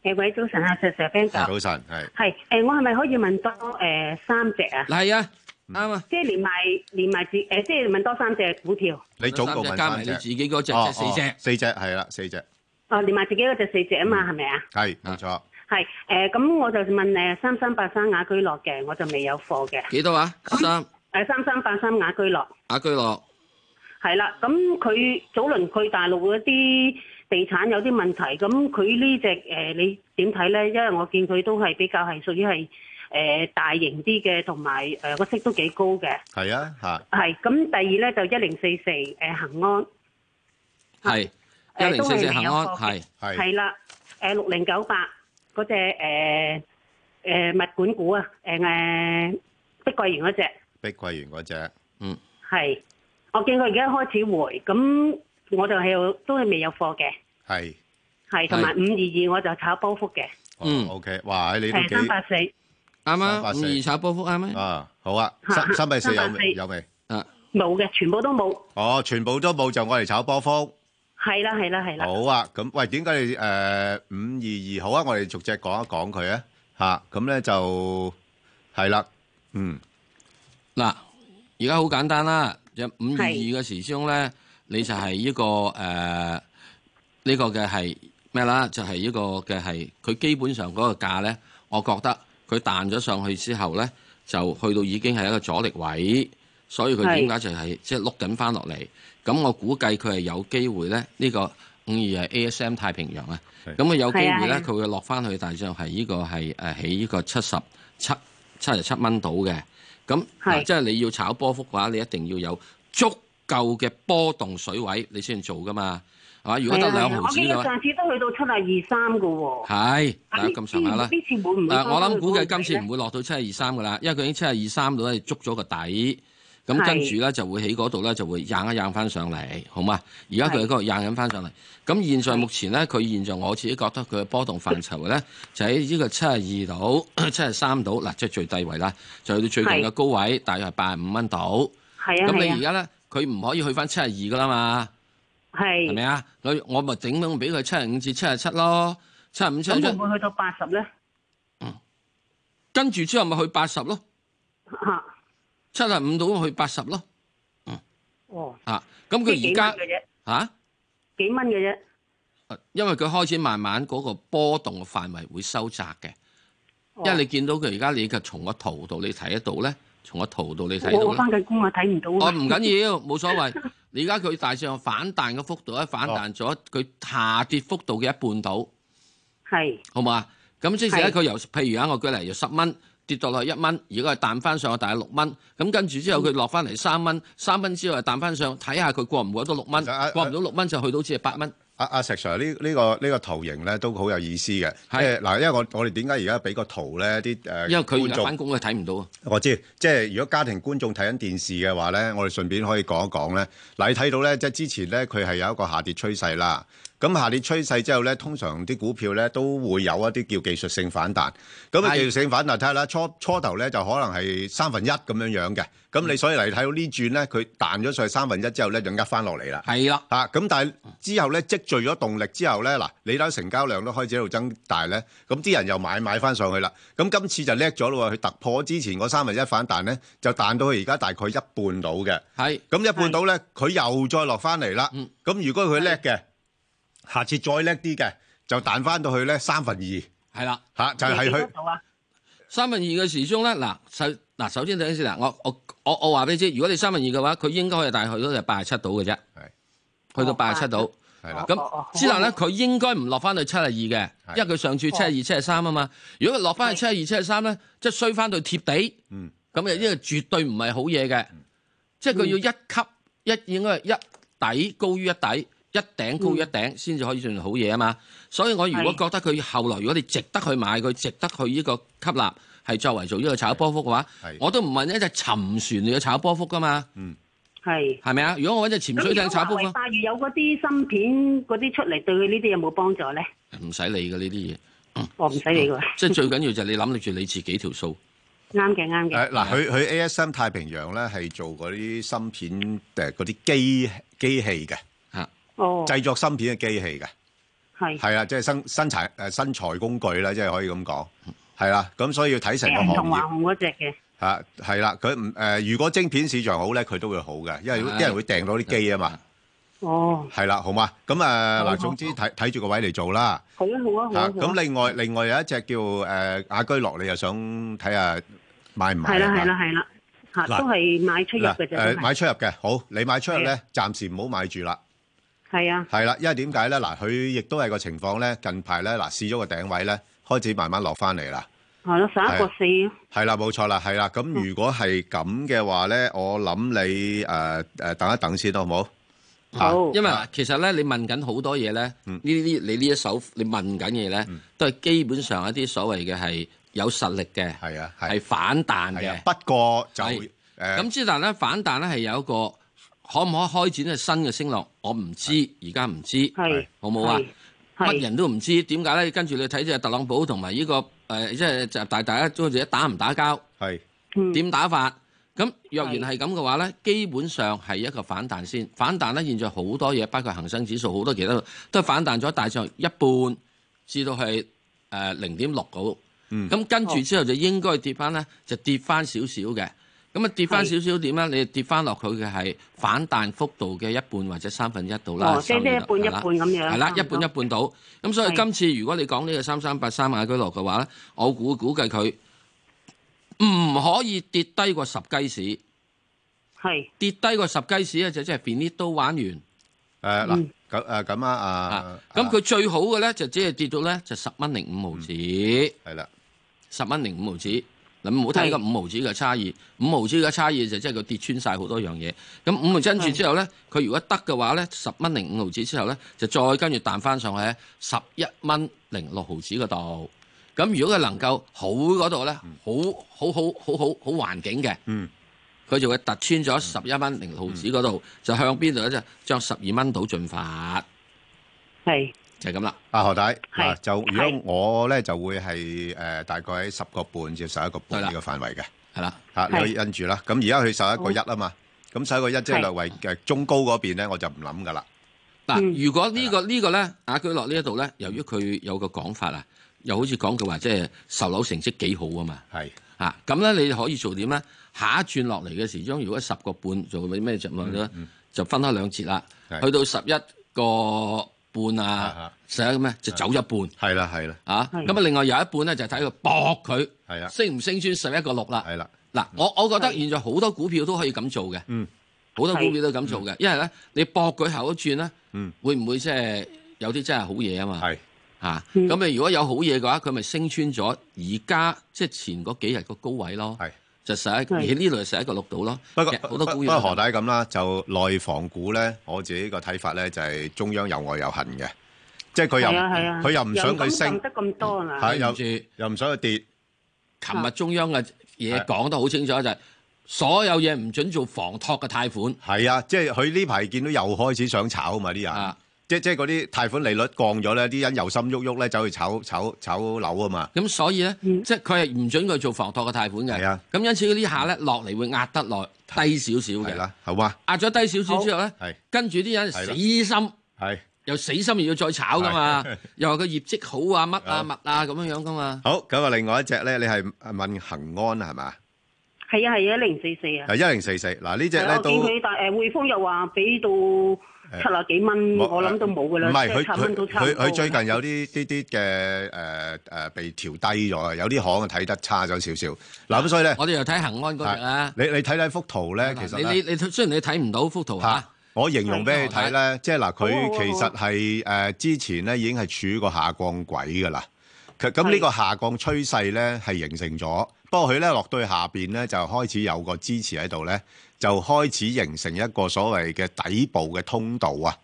誒，位早
晨啊，石石 f r 早晨係。係誒，我係咪可以問多誒三隻啊？係啊。啱啊、嗯！即係連埋連埋自誒，即係問多三隻股票。你總共加埋你自
己嗰隻，四隻，四隻係啦，四隻。
啊，連埋自己嗰隻四隻啊嘛，係咪啊？
係冇錯。
係、呃、誒，咁我就問誒，三三八三雅居樂嘅，我就未有貨嘅。幾
多啊？三
誒、啊，三三八三雅居樂。雅居樂係啦，咁佢早輪去大陸嗰啲地產有啲問題，咁佢呢隻誒，你點睇咧？因為我見佢都係比較係屬於係。誒大型啲嘅，同埋誒個息都幾高嘅。
係啊，嚇。
係咁，第二咧就一零四四誒恆安。
係。誒都係恆安，係係。係啦，
誒六零九八嗰隻誒誒物管股啊，誒誒碧桂園嗰隻。
碧桂園嗰隻，嗯，
係。我見佢而家開始回，咁我就係有都係未有貨嘅。係。係，同埋五二二我就炒波幅嘅。
嗯，OK，哇！喺你度幾？三八四。啱啊，五二炒波幅啱咩？啊，好啊，三三八四有未？有未？啊，冇嘅，全部都冇。哦，全部都冇，就我哋炒波幅。
係啦，係啦，係啦。
好啊，咁喂，點解你誒五二二好啊？我哋逐隻講一講佢啊，吓咁咧就係啦，嗯，嗱，而家好簡
單啦，隻五二二嘅時鐘咧，你就係呢個誒呢個嘅係咩啦？就係呢個嘅係，佢基本上嗰個價咧，我覺得。佢彈咗上去之後呢，就去到已經係一個阻力位，所以佢點解就係即係碌緊翻落嚟？咁是我估計佢係有機會呢，呢、呢個五二啊 ASM 太平洋啊，咁啊是有機會呢，佢的會落翻去，但係就係呢個係誒、啊、起呢個七十七七十七蚊到嘅，咁即係你要炒波幅嘅話，你一定要有足夠嘅波動水位，你先做噶嘛。啊！如果得兩毫紙咧，我記
得上次都
去到七廿二三嘅喎。係，大家咁上下啦。
呢次會唔會？我諗估計今次唔
會落到七廿二三嘅啦，因為佢已經七廿二三度，咧捉咗個底。
咁跟
住咧就會喺嗰度咧就會揚一揚翻上嚟，好嘛？而家佢喺嗰度揚緊翻上嚟。咁現在目前咧，佢現在我自己覺得佢嘅波動範疇咧，就喺呢個七廿二度、七十三度嗱，即係最低位啦。就去到最近嘅高位，大約係八十五蚊度。
係啊，咁你而家
咧，佢唔可以去翻七十二嘅啦嘛？係，係咪啊？佢我咪整咁俾佢七十五至七十七咯，七十五七十七。會去到八十咧？嗯，跟住之後咪去八十咯。吓、啊，七十五到去八十咯。
嗯。
哦。啊，咁佢而家吓、啊、
幾蚊
嘅啫？因為佢開始慢慢嗰個波動嘅範圍會收窄嘅，
哦、因為你見
到佢而家你嘅從個圖度你睇得到咧。從個圖到你睇到我，
我翻緊工啊，睇唔到啊！唔緊要，冇所謂。
而家佢大致上反彈嘅幅度咧，反彈咗佢下跌幅度嘅一半度，係、哦、好唔好啊？咁即係咧，佢由是譬如啊，我舉例，由十蚊跌到落去一蚊，如果係彈翻上去，大概六蚊。咁跟住之後，佢落翻嚟三蚊，三蚊之後又彈翻上去，睇下佢過唔過得到六蚊？過唔到六蚊就去到好似係八蚊。阿阿石
Sir，呢呢個呢個圖形咧都好有意思嘅，即係嗱，因為我我哋點解而家俾個圖咧啲誒觀眾，因為佢而家返工佢睇唔到啊。我知，即係如果家庭觀眾睇緊電視嘅話咧，我哋順便可以講一講咧。嗱，你睇到咧，即係之前咧，佢係有一個下跌趨勢啦。咁下跌趨勢之後咧，通常啲股票咧都會有一啲叫技術性反彈。咁啊的，技術性反彈睇下啦，初初頭咧就可能係三分一咁樣樣嘅。咁、嗯、你所以嚟睇到呢轉咧，佢彈咗上去三分一之後咧，就間翻落嚟啦。係啦的，嚇、啊！咁但係之後咧積聚咗動力之後咧，嗱，你睇成交量都開始喺度增大咧。咁啲人又買買翻上去啦。咁今次就叻咗咯喎！佢突破之前嗰三分一反彈咧，就彈到佢而家大概一半到嘅。係的。咁一半到咧，佢的又再落翻嚟啦。咁、嗯、如果佢叻嘅。下次再叻啲嘅，就彈翻到去咧三分二。係啦，吓就係佢
三分二嘅時鐘咧。嗱，首嗱首先等先啦。我我我我話俾你知，如果你三分二嘅話，佢應該可以大去都係八十七度嘅啫。係，去到八十七度。係啦，咁之後咧，佢應該唔落翻去七十二嘅，因為佢上次七十二七十三啊嘛。如果佢落翻去七十二七十三咧，即係衰翻到貼地。
嗯，
咁啊呢個絕對唔係好嘢嘅，即係佢要一級一應該係一底高於一底。一頂高一頂先至、嗯、可以做成好嘢啊嘛！所以我如果覺得佢後來如果你值得去買佢值得去呢個吸納，係作為做呢個炒波幅嘅話，我都唔問一隻沉船嚟炒波幅噶嘛。嗯是，係係咪啊？如果我揾隻潛水艇炒波幅？嗯、如果大啊，
有嗰啲芯片嗰啲出嚟，對佢呢啲有冇幫
助咧？唔使理嘅呢啲嘢，我唔使理嘅。嗯、 即係最緊要就係你諗住你自己條數。
啱嘅，啱嘅。嗱、啊，佢佢
A S M 太平洋咧係做嗰啲芯片嗰啲機,機器嘅。製作芯片嘅機器嘅，係係啦，即係生生產誒生財工具啦，即係可以咁講係啦。咁所以要睇成個行業同華虹嗰隻嘅，吓，係啦，佢誒如果晶片市場好，咧，佢都會好嘅，因為有啲人會訂到啲機啊嘛。哦，係啦，好嘛。咁啊嗱，總之睇睇住個位嚟做啦。
好啊，好啊，好啊。咁
另外另外有一隻叫誒雅居樂，你又想睇下買唔買？係啦，係啦，係
啦吓，都係買出入嘅啫。買
出入嘅好，你買出入咧，暫時唔好買住啦。係啊，係啦，因為點解咧？嗱，佢亦都係個情況咧。近排咧，嗱，試咗個頂位咧，開始慢慢落翻嚟啦。
係咯，十一個四。
係啦，冇錯啦，係啦。咁如果係咁嘅話咧，我諗你誒誒等一等先，好唔好？好，因為嗱，其實咧，你問緊好多嘢咧，
呢啲你呢一手你問緊嘢咧，都係基本上一啲所謂嘅係有實力嘅，係啊，係反彈嘅。不過就誒，咁之但咧，反彈咧係有一個。可唔可以開展嘅新嘅升浪？我唔知，而家唔知，是好冇啊！乜人都唔知，點解咧？跟住你睇住特朗普同埋呢個誒，即、呃、係就是、大大家自己打唔打交？點是、嗯、打法？咁若然係咁嘅話咧，是基本上係一個反彈先。反彈咧，現在好多嘢，包括恒生指數好多其他都反彈咗，大上一半至到係誒零點六個。咁跟住之後就應該跌翻咧，就跌翻少少嘅。咁啊，跌翻少少點啊？的你跌翻落去嘅係反彈幅度嘅一半或者三分之一度啦。哦、嗯，率率即係一半一半咁樣了。係啦，一半一半到。咁的所以今次如果你講呢個三三八三雅居樂嘅話咧，我估估計佢唔可以跌低過十雞屎。係的。跌低過十雞屎，咧，就即係邊啲都玩完。誒嗱的，咁誒咁啊，啊。咁佢最好嘅咧，就只係跌到咧就十蚊零五毫紙。係啦的，十蚊零五毫紙。你唔好睇個五毫紙嘅差異，五毫紙嘅差異就即係佢跌穿曬好多樣嘢。咁五毫跟住之後呢，佢如果得嘅話呢，十蚊零五毫紙之後呢，就再跟住彈翻上去十一蚊零六毫紙嗰度。咁如果佢能夠好嗰度呢，好好好好好好好環境嘅，嗯，佢就會突穿咗十一蚊零毫紙嗰度，就向邊度呢？就將十二蚊度進發。
係。
就係咁啦，阿何太，就如果我咧就會係誒大概喺十個半至十一個半呢個範圍嘅，係啦，你可以摁住啦。咁而家佢受一個一啊嘛，咁受一個一即係略為嘅中高嗰邊咧，我就唔諗噶啦。
嗱，如果呢個呢個咧，阿居落呢一度咧，由於佢有個講法啊，又好似講佢話即係售樓成績幾好啊嘛，係啊咁咧，你可以做點咧？下一轉落嚟嘅時鐘，如果十個半做啲咩嘢就咁咧，就分開兩截啦。去到十一個半啊，十一咁咧就走一半，係啦係啦，吓咁啊，另外有一半咧就睇佢博佢，係升唔升穿十一個六啦，係啦嗱，我我覺得現在好多股票都可以咁做嘅，嗯，
好多股票都咁做嘅，因
為咧你博佢後一轉咧，嗯，會唔會即係有啲真係好嘢啊嘛，係，咁你如果有好嘢嘅話，佢咪升穿咗而家即係
前嗰幾日個高位咯，係。就十一的，而且呢度成十一個六度咯。不過，好多股啊、不過何大咁啦？就內房股咧，我自己個睇法咧，就係、是、中央又愛又恨嘅，即係佢又佢的又唔想佢升得
咁多又唔住，
又唔想佢跌。琴日中央嘅嘢講得好清楚，的就係所有嘢唔准做房託嘅貸款。係啊，即係佢呢排見到又開始想炒嘛啲人。即即係嗰啲貸款利率降咗咧，啲人油心喐喐咧走去炒炒炒樓啊嘛。咁所以咧，
即係佢係唔準佢做房託嘅貸款嘅。係啊。咁因此呢下咧落嚟會壓得落低少少嘅。係啦，好啊。壓咗低少少之後咧，跟住啲人死心，係又死心又要再炒噶嘛。又話個業績好啊乜啊乜啊咁樣樣噶嘛。
好咁啊，另外一隻咧，你係問恆安係嘛？係
啊係啊，零四四啊。
係一零四四嗱呢隻咧都。我見佢
但誒匯豐又話俾到。七啊幾蚊，我諗都冇嘅啦，唔係，即係七蚊都差唔多。佢佢最
近有啲啲啲嘅誒被調低咗，有啲行睇得差咗少少。嗱，咁所以咧，我哋又睇恒安嗰隻啊。你你睇睇幅圖咧，其實你你雖然你睇唔到幅圖吓，我形容俾你睇咧，即係嗱，佢其實係誒之前咧已經係處個下降軌㗎啦。咁呢個下降趨勢咧係形成咗，不過佢咧落到去下面咧就開始有個支持喺度咧，就開始形成一個所謂嘅底部嘅通道啊。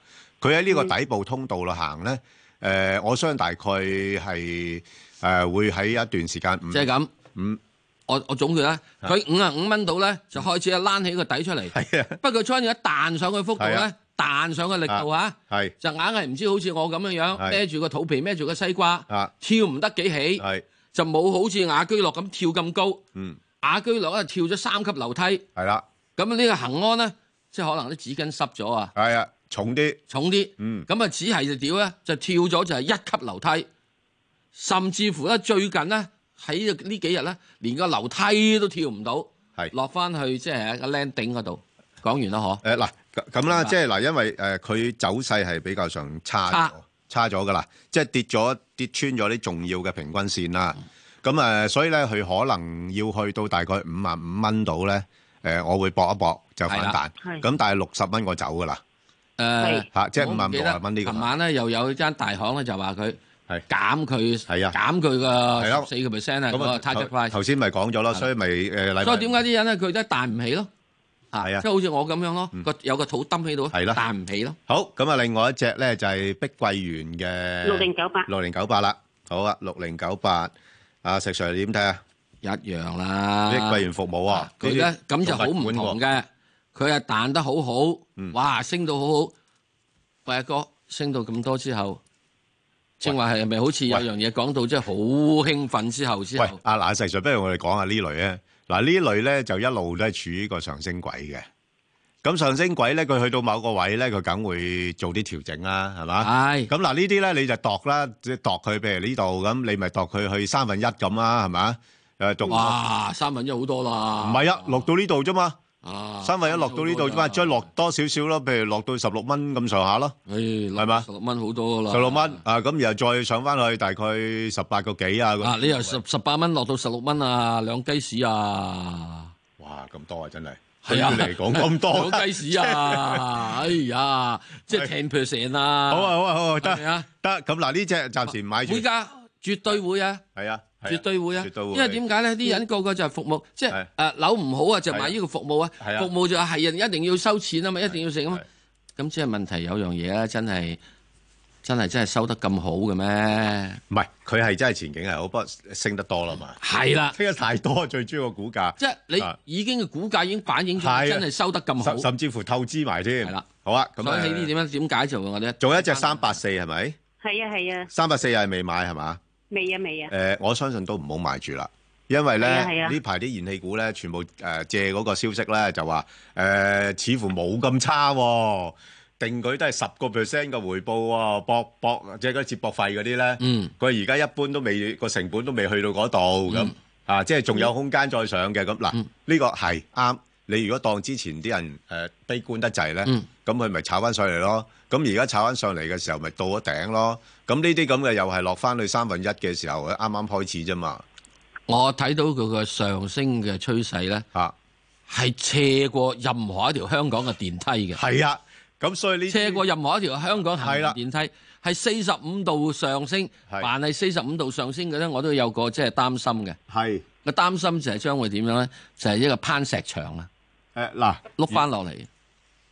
佢喺呢個底部通道度行咧，嗯呃，我相信大概係誒、呃、會喺一段時間，即係咁，五，五我我總結咧，啊，佢五啊五蚊度咧就開始一攬起個底出嚟，啊、
不過穿越一彈上去幅度咧。彈上嘅力度啊，就硬係唔知好似我咁樣樣，孭住個肚皮孭住個西瓜，跳唔得幾起，就冇好似雅居樂咁跳咁高。雅居樂啊跳咗三級樓梯，係啦。咁呢個恒安咧，即係可能啲紙巾濕咗啊，係啊，重啲，重啲。咁啊只係就點咧？就跳咗就係一級樓梯，甚至乎咧最近咧喺呢幾日咧，
連個樓梯都跳唔到，落翻去即係一個 landing 嗰度。講完啦，嗬？誒，嗱，咁啦，即係嗱，因為誒，佢走勢係比較上差差咗噶啦，即係跌咗跌穿咗啲重要嘅平均綫啦。咁誒，所以咧，佢可能要去到大概五萬五蚊度咧，誒，我會搏一搏就反彈。係，咁但係六十蚊我走噶啦。誒，吓，即係五萬五十蚊呢個。琴晚咧又有間大
行咧就話佢減佢係啊，減佢個四個 percent 啊。咁啊，頭先
咪講咗咯，所以咪誒，所以點
解啲人咧佢都彈唔起咯？係啊，即係好似我咁樣
咯，個有個肚墩喺度，彈唔起咯。好，咁啊，另外一隻咧就係碧桂園嘅六零九八，六零九八啦。好啊，六零九八，阿石 Sir 你點睇啊？一樣啦，碧桂園服務啊，佢咧咁就好唔同嘅，佢啊彈
得好好，哇，升到好好，阿哥升到咁多之後，
正話係咪好似有樣嘢講到，即係好興奮之後之後。喂，阿嗱，石 Sir，不如我哋講下呢類咧。嗱，呢類咧就一路都係處於個上升軌嘅，咁上升軌咧佢去到某個位咧佢梗會做啲調整啦，係嘛？係是。咁嗱呢啲咧你就度啦，即係度佢，譬如呢度咁，你咪度佢去三分一咁啦，係嘛？誒，仲哇
三分一好多啦，唔係啊，
落到呢度啫嘛。
啊！三分一落到呢度，咁啊，
將落多少少咯？譬如落到十六蚊咁上下咯，係嘛？十六蚊好多啦。十六蚊啊！咁然後再上翻去大概十八個幾啊？嗱，你由十十八蚊落到十六蚊啊，兩雞屎啊！哇！咁多啊，真係。係啊，你講咁多。兩雞屎啊！
哎呀，即係 ten percent 啊！好啊好啊好啊，得啊得。
咁嗱，呢隻暫時唔買住。會噶，絕對會啊。係啊。絕對會啊！因為點解咧？
啲人個個就係服務，即係誒樓唔好啊，就買呢個服務啊。服務就係人一定要收錢啊嘛，一定要食啊嘛。咁即係問題有樣嘢啊，真係真係真係收
得咁好嘅咩？唔係，佢係真係前景係好，不過升得多啦嘛。
係啦，升
得太多，最主要個股價。即係你已
經嘅股價已經反映咗，真係
收得咁好，甚至乎透支埋添。係啦，好啊。咁呢啲點樣點解做嘅？我哋做一隻三百四係咪？係啊係啊。三百四又係未買係嘛？未啊，未啊！誒、呃，我相信都唔好買住啦，因為咧呢排啲、啊啊、燃氣股咧，全部誒借嗰個消息咧，就話誒、呃、似乎冇咁差，啊，定舉都係十個 percent 嘅回報喎，啊，博博即係嗰啲接駁費嗰啲咧，嗯，佢而家一般都未個成本都未去到嗰度咁啊，即係仲有空間再上嘅咁嗱，呢、啊嗯呢個係啱。你如果當之前啲人誒、呃、悲觀得滯咧。嗯咁佢咪炒翻上嚟咯？咁而家炒翻上嚟嘅時，時候，咪到咗頂咯？咁呢啲咁嘅又係落翻去三分一嘅時候，啱啱開始啫嘛。我睇到佢個上升嘅趨勢咧，係斜過任何一條香港
嘅電梯嘅。係啊，咁所以呢斜過任何一條香港係啦電梯係四十五度上升，凡係四十五度上升嘅咧，我都有個即係擔心嘅。係個是擔心就係將會點樣咧？就係、是、一個攀石
牆下啊！誒、呃、嗱，碌翻落嚟。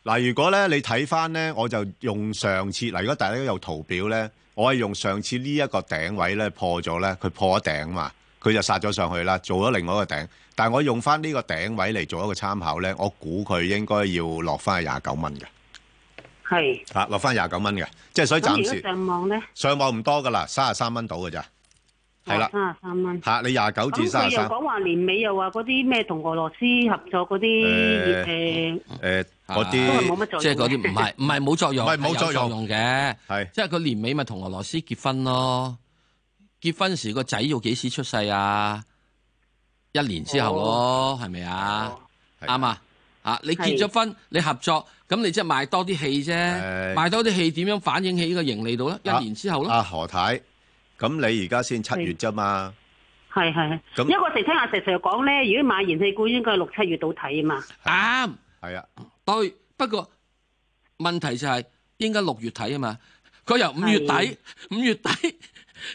嗱，如果咧你睇翻咧，我就用上次嗱。如果大家有圖表咧，我係用上次呢一個頂位咧破咗咧，佢破咗頂嘛，佢就殺咗上去啦，做咗另外一個頂。但係我用翻呢個頂位嚟做一個參考咧，我估佢應該要落翻去廿九蚊嘅。係啊是，落翻廿九蚊嘅，即係所以暫時呢上網咧，上網唔多噶啦，三十三蚊到㗎咋。
係啦，三十蚊。吓，你廿九至三十三。佢又講
話年尾又話
嗰啲咩同俄羅斯合作嗰啲，誒嗰啲，即係嗰啲唔係唔係冇作用，係有作用
嘅，即係佢年尾咪同俄羅斯結婚咯？結婚時個仔要幾時出世啊？一年之後咯，係咪啊？啱啊！你結咗婚，你合作，咁你即係賣多啲戲啫。賣多啲戲點樣反映喺呢個盈利度咧？一年之後
囉。阿何太？咁你而家先七月啫嘛？係係係，一個
時聽阿石成日講咧，如果買燃氣股應該係六七月到睇啊嘛。啱，係啊，啊對。
不過問題就係應該六月睇啊嘛。佢由五月底，五是月底，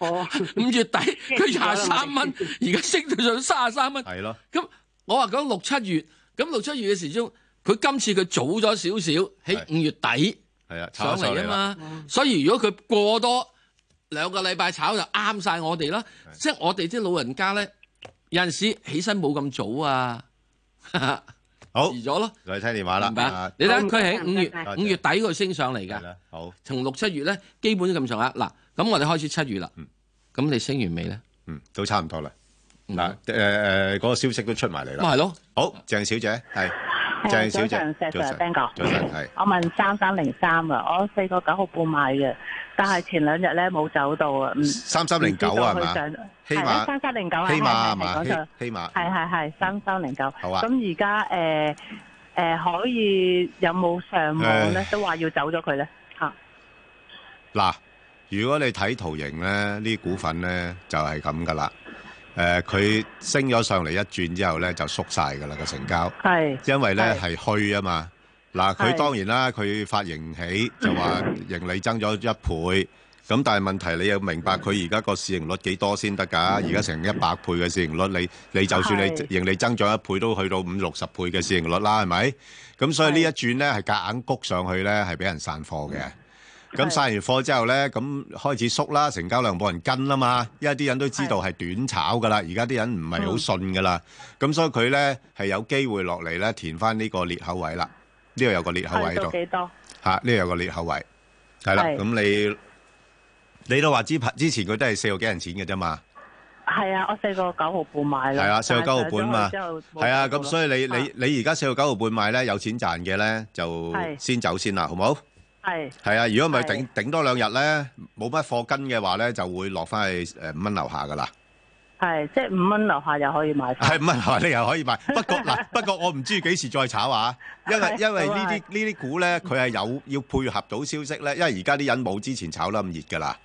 五、哦、月底佢廿三蚊，而家 升到上三十三蚊。係咯、啊。咁我話講六七月，咁六七月嘅時鐘，佢今次佢早咗少少，喺五是月底。係啊，上嚟啊嘛。所以如果佢過多。兩個禮拜炒就啱晒我哋啦，即係我哋啲老人家咧，有陣時起身冇咁早啊，好，遲咗咯，你聽電話啦，你睇佢喺五月五月底佢升上嚟㗎。好，從六七月咧基本都咁上下，嗱，
咁我哋開始七月啦，咁你升完未咧？嗯，都差唔多啦，嗱，誒誒，嗰個消息都出埋嚟啦，係咯，好，鄭小姐係。鄭小姐，鄭小
姐，Ben 哥，我問三三零三啊，我四個九號半買嘅，但係前兩日咧冇走到啊，三三零九係嘛？三三零九啊，起碼，係，係，係，三三零九。好啊。咁而家誒誒，可以有冇上網咧？都話要走咗佢咧。吓，
嗱，如果你睇圖形咧，呢啲股份咧就係咁噶啦。誒佢、呃、升咗上嚟一轉之後呢，就縮晒㗎喇個成交，是因為呢係虛啊嘛。嗱，佢當然啦，佢是發盈喜就話盈利增咗一倍，咁、嗯、但係問題你要明白佢而家個市盈率幾多先得㗎？而家、嗯、成一百倍嘅市盈率，你你就算你盈利增咗一倍都去到五六十倍嘅市盈率啦，係咪是？咁所以呢一轉呢，係夾硬谷上去呢，係俾人散貨嘅。咁晒完貨之後咧，咁開始縮啦，成交量冇人跟吖嘛，因為啲人都知道係短炒噶啦，而家啲人唔係好信噶啦，咁、嗯、所以佢咧係有機會落嚟咧填翻呢個裂口位啦。呢度有個裂口位喺度。差幾多？吓、啊，呢度有個裂口位，係啦。咁的你你都話之之前佢都係四個幾銀錢嘅啫嘛？
係啊，我四個九號半買啦。
係啊，四個九號半嘛。係啊，咁所以你、啊、你你而家四個九號半買咧，有錢賺嘅咧就先走先啦，的好唔好？
係係啊！如果唔係頂
頂多兩日咧，冇乜貨跟嘅話咧，就會落翻去誒五蚊樓下噶啦。係即係五蚊樓下又可以買。係五蚊樓下你又可以買。不過嗱，不過我唔知幾時再炒啊！因為因為呢啲呢啲股咧，佢係有要配合到消息咧。因為而家啲人冇之前炒得咁熱噶啦。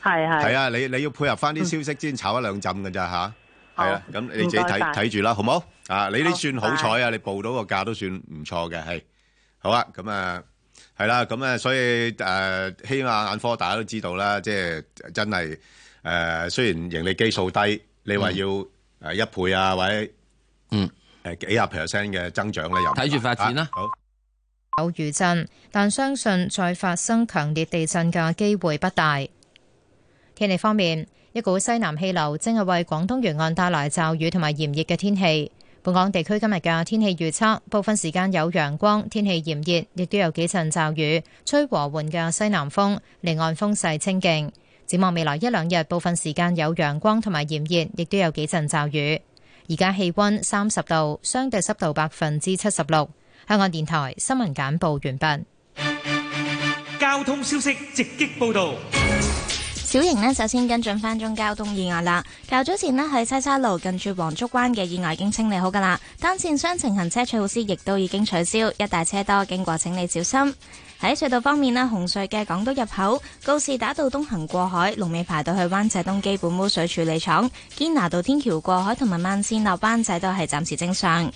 係係係
啊！你你要配合翻啲消息先炒一兩陣，噶咋吓？
係啊，咁你自己睇睇
住啦，好冇啊？你啲算好彩啊！你報到個價都算唔錯嘅係。好啊，咁啊。係啦，咁咧，所以誒，希望眼科大家都知道啦，即係真係誒，雖然盈利基數低，你話要誒一倍啊，或者嗯誒幾廿 percent 嘅增長咧，又睇住發展啦。
好，有餘震，但相信再發生強烈地震嘅機會不大。天氣方面，一股西南氣流正係為廣東沿岸帶來驟雨同埋炎熱嘅天氣。本港地區今日嘅天氣預測，部分時間有陽光，天氣炎熱，亦都有幾陣驟雨，吹和緩嘅西南風，離岸風勢清勁。展望未來一兩日，部分時間有陽光同埋炎熱，亦都有幾陣驟雨。而家氣溫三十度，相對濕度百分之七十六。香港電台新聞簡報完畢。交通消息直擊報道。
小型呢，首先跟進翻中交通意外啦。較早前呢，喺西沙路近住黃竹灣嘅意外已經清理好噶啦，單線雙程行車措施亦都已經取消，一大車多經過，請你小心。喺隧道方面呢，紅隧嘅港島入口、告士打道東行過海、龍尾排到去灣仔東基本污水處理廠、堅拿道天橋過海同埋慢線落灣仔都係暫時正常。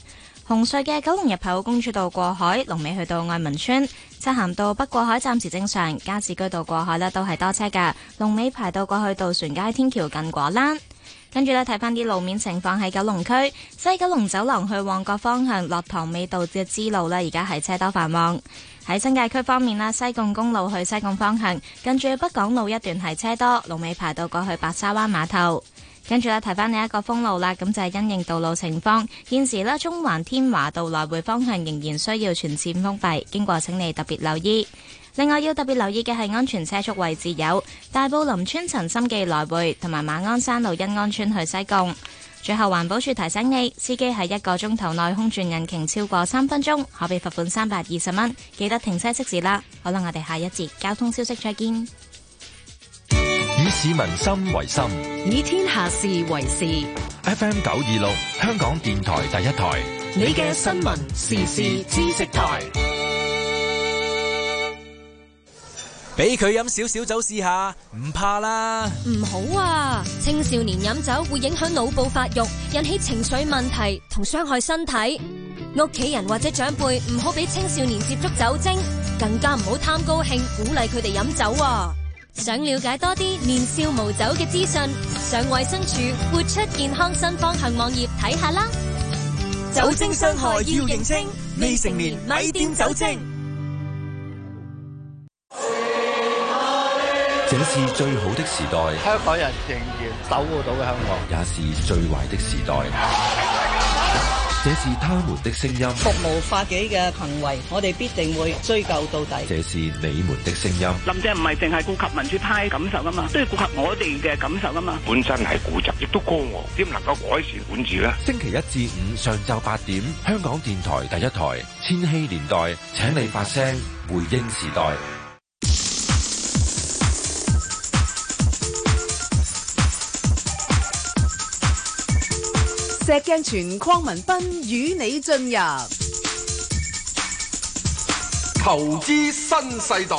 紅隧嘅九龍入口公主道過海，龍尾去到愛民村；七行道北過海暫時正常，加士居道過海都係多車㗎。龍尾排到過去渡船街天橋近果欄。跟住呢，睇翻啲路面情況，喺九龍區，西九龍走廊去旺角方向，落塘尾道嘅支路呢，而家係車多繁忙。喺新界區方面啦，西貢公路去西貢方向，近住北港路一段係車多，龍尾排到過去白沙灣碼頭。跟住咧，提翻你一個封路啦，咁就係因應道路情況。現時呢，中環天華道來回方向仍然需要全線封閉，經過，請你特別留意。另外要特別留意嘅係安全車速位置，有大埔林村、陳心記來回，同埋馬鞍山路欣安村去西貢。最後環保署提醒你，司機喺一個鐘頭內空轉引擎超過三分鐘，可被罰款三百二十蚊。記得停車熄匙啦。好啦，我哋下一節交通消息再見。
以市民心為心，
以天下事為事。
FM 九二六，香港電台第一台，
你嘅新聞時事知識台。
俾佢飲少少酒試下，
唔怕啦！唔好啊，青少年飲酒會影響腦部發育，引起情緒問題同傷害身體。屋企人或者長輩唔好俾青少年接觸酒精，更加唔好貪高興鼓勵佢哋飲酒啊！想了解多啲年少無酒嘅資訊，上衛生署活出健康新方向網頁睇下啦。看看
酒精傷害要認清，未成年咪掂酒精。
這是最好
的時代，
香港人仍然守護到嘅香港，
也是最壞的時代。這是他們的聲音。服
務法紀嘅行為，我哋必定會追究到底。
這是你們的聲音。
林鄭唔係淨係顧及民主派感受噶嘛，都
要顧及我哋嘅感受噶嘛。本身係固執，亦都高傲，點能夠改善管治咧？星期一至五上晝八點，香港電台第一台千禧年代，請你發聲回應時代。
石鏡
泉、鄺民彬與你進入
投資新世代。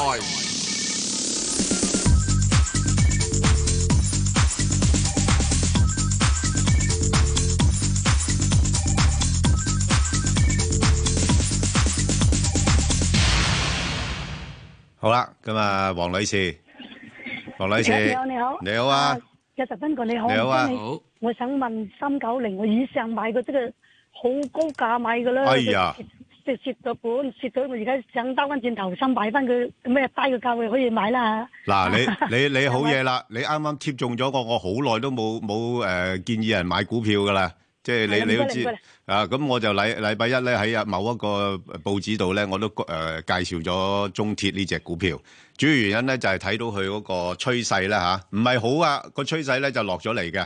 好啦，咁啊，黃女士，黃女士，你好，你好，你好
啊，有十分鐘，你好，你好啊，你好。我想問三九零，我以上
買過即係好高價買噶啦，哎呀，即係蝕咗本，蝕咗我而家想
兜翻轉頭，想買翻佢咩低嘅價位可以買啦吓。
嗱，你你你好嘢啦，你啱啱貼中咗個，我好耐都冇冇誒建議人買股票噶啦，即係你你都知啊。咁我就禮禮拜一咧喺啊某一個報紙度咧，我都誒介紹咗中鐵呢隻股票。主要原因咧就係睇到佢嗰個趨勢啦吓，唔係好啊個趨勢咧就落咗嚟嘅。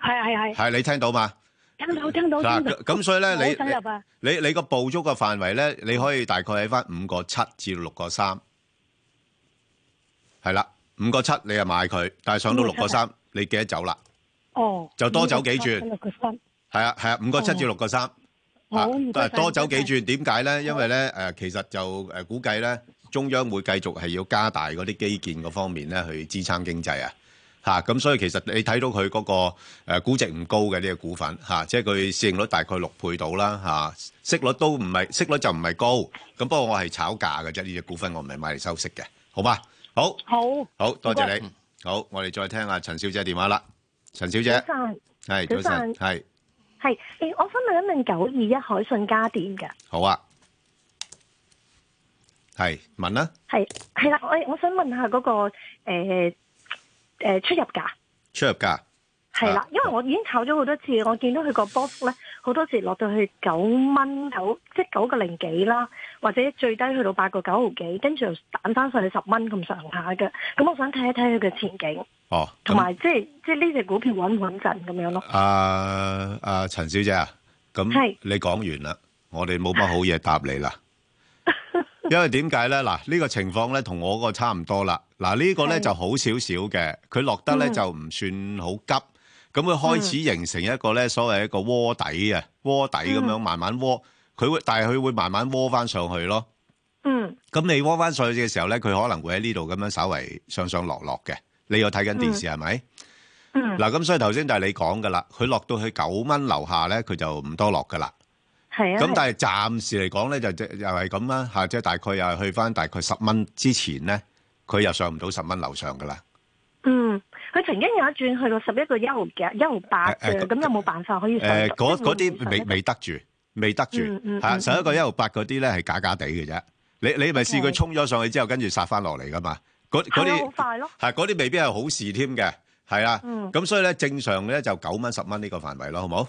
係啊，係係。係你聽到嘛？聽
到聽到。咁所以咧，
你你個捕捉嘅範圍咧，你可以大概喺返五個七至六個三。係啦，五個七你啊買佢，但係上到六個三，你記得走啦。哦。
就多走幾轉。
六個三。係啊係啊，五個七至六個三。
好唔該。誒多走幾
轉，點解咧？因為咧誒，其實就誒估計咧，中央會繼續係要加大嗰啲基建嗰方面咧，去支撐經濟啊。吓咁，所以其實你睇到佢嗰個誒估值唔高嘅呢隻股份吓，即係佢市盈率大概六倍到啦吓，息率都唔係息率就唔係高。咁不過我係炒價嘅啫，呢隻股份我唔係買嚟收息嘅，好嗎？好，好，好多謝你。好，我哋再聽下陳小姐電話啦。陳小姐，
早
晨，係早晨，係
係誒，我想問一問九二一海信家電㗎。
好啊，係問啦。
係係啦，我我想問下嗰個誒。誒，出入價，
出入價，
係啦的，啊、因為我已經炒咗好多次，我見到佢個波幅咧，好多次落到去九蚊九，即係九個零幾啦，或者最低去到八個九毫幾，跟住就彈翻上去十蚊咁上下嘅，咁我想睇一睇佢嘅前景，哦，同埋即係即係呢隻股票穩唔穩陣咁樣咯。
阿阿陳小姐啊，咁你講完啦，是我哋冇乜好嘢答你啦。因為點解咧？嗱，呢個情況咧，同、這、我個差唔多啦。嗱，呢個咧就好少少嘅，佢落得咧就唔算好急。咁佢、嗯、開始形成一個咧，所謂一個鍋底啊，鍋底咁樣，慢慢鍋。佢、嗯、但係佢會慢慢鍋翻上去咯。嗯。咁你鍋翻上去嘅時候咧，佢可能會喺呢度咁樣稍微上上落落嘅。你又睇緊電視係咪？嗯。嗱，咁、嗯啊、所以頭先就係你講嘅啦。佢落到去九蚊樓下咧，佢就唔多落嘅啦。咁但係暫時嚟講咧，就即又係咁啦嚇，即係大概又係去翻大概十蚊之前咧，佢又上唔到十蚊樓上噶啦。嗯，
佢曾經有一轉去到十一個一號嘅一號八嘅，咁又冇辦法可以上。誒，嗰嗰啲未
未得住，未得住。嗯嗯。係十一個一號八嗰啲咧係假假地嘅啫。你你係咪試佢衝咗上去之後，跟住殺翻落嚟噶嘛？嗰嗰啲係好快咯，嗰啲未必係好事添嘅。係啦。嗯。咁所以咧，正常咧就九蚊十蚊呢個範圍咯，好冇？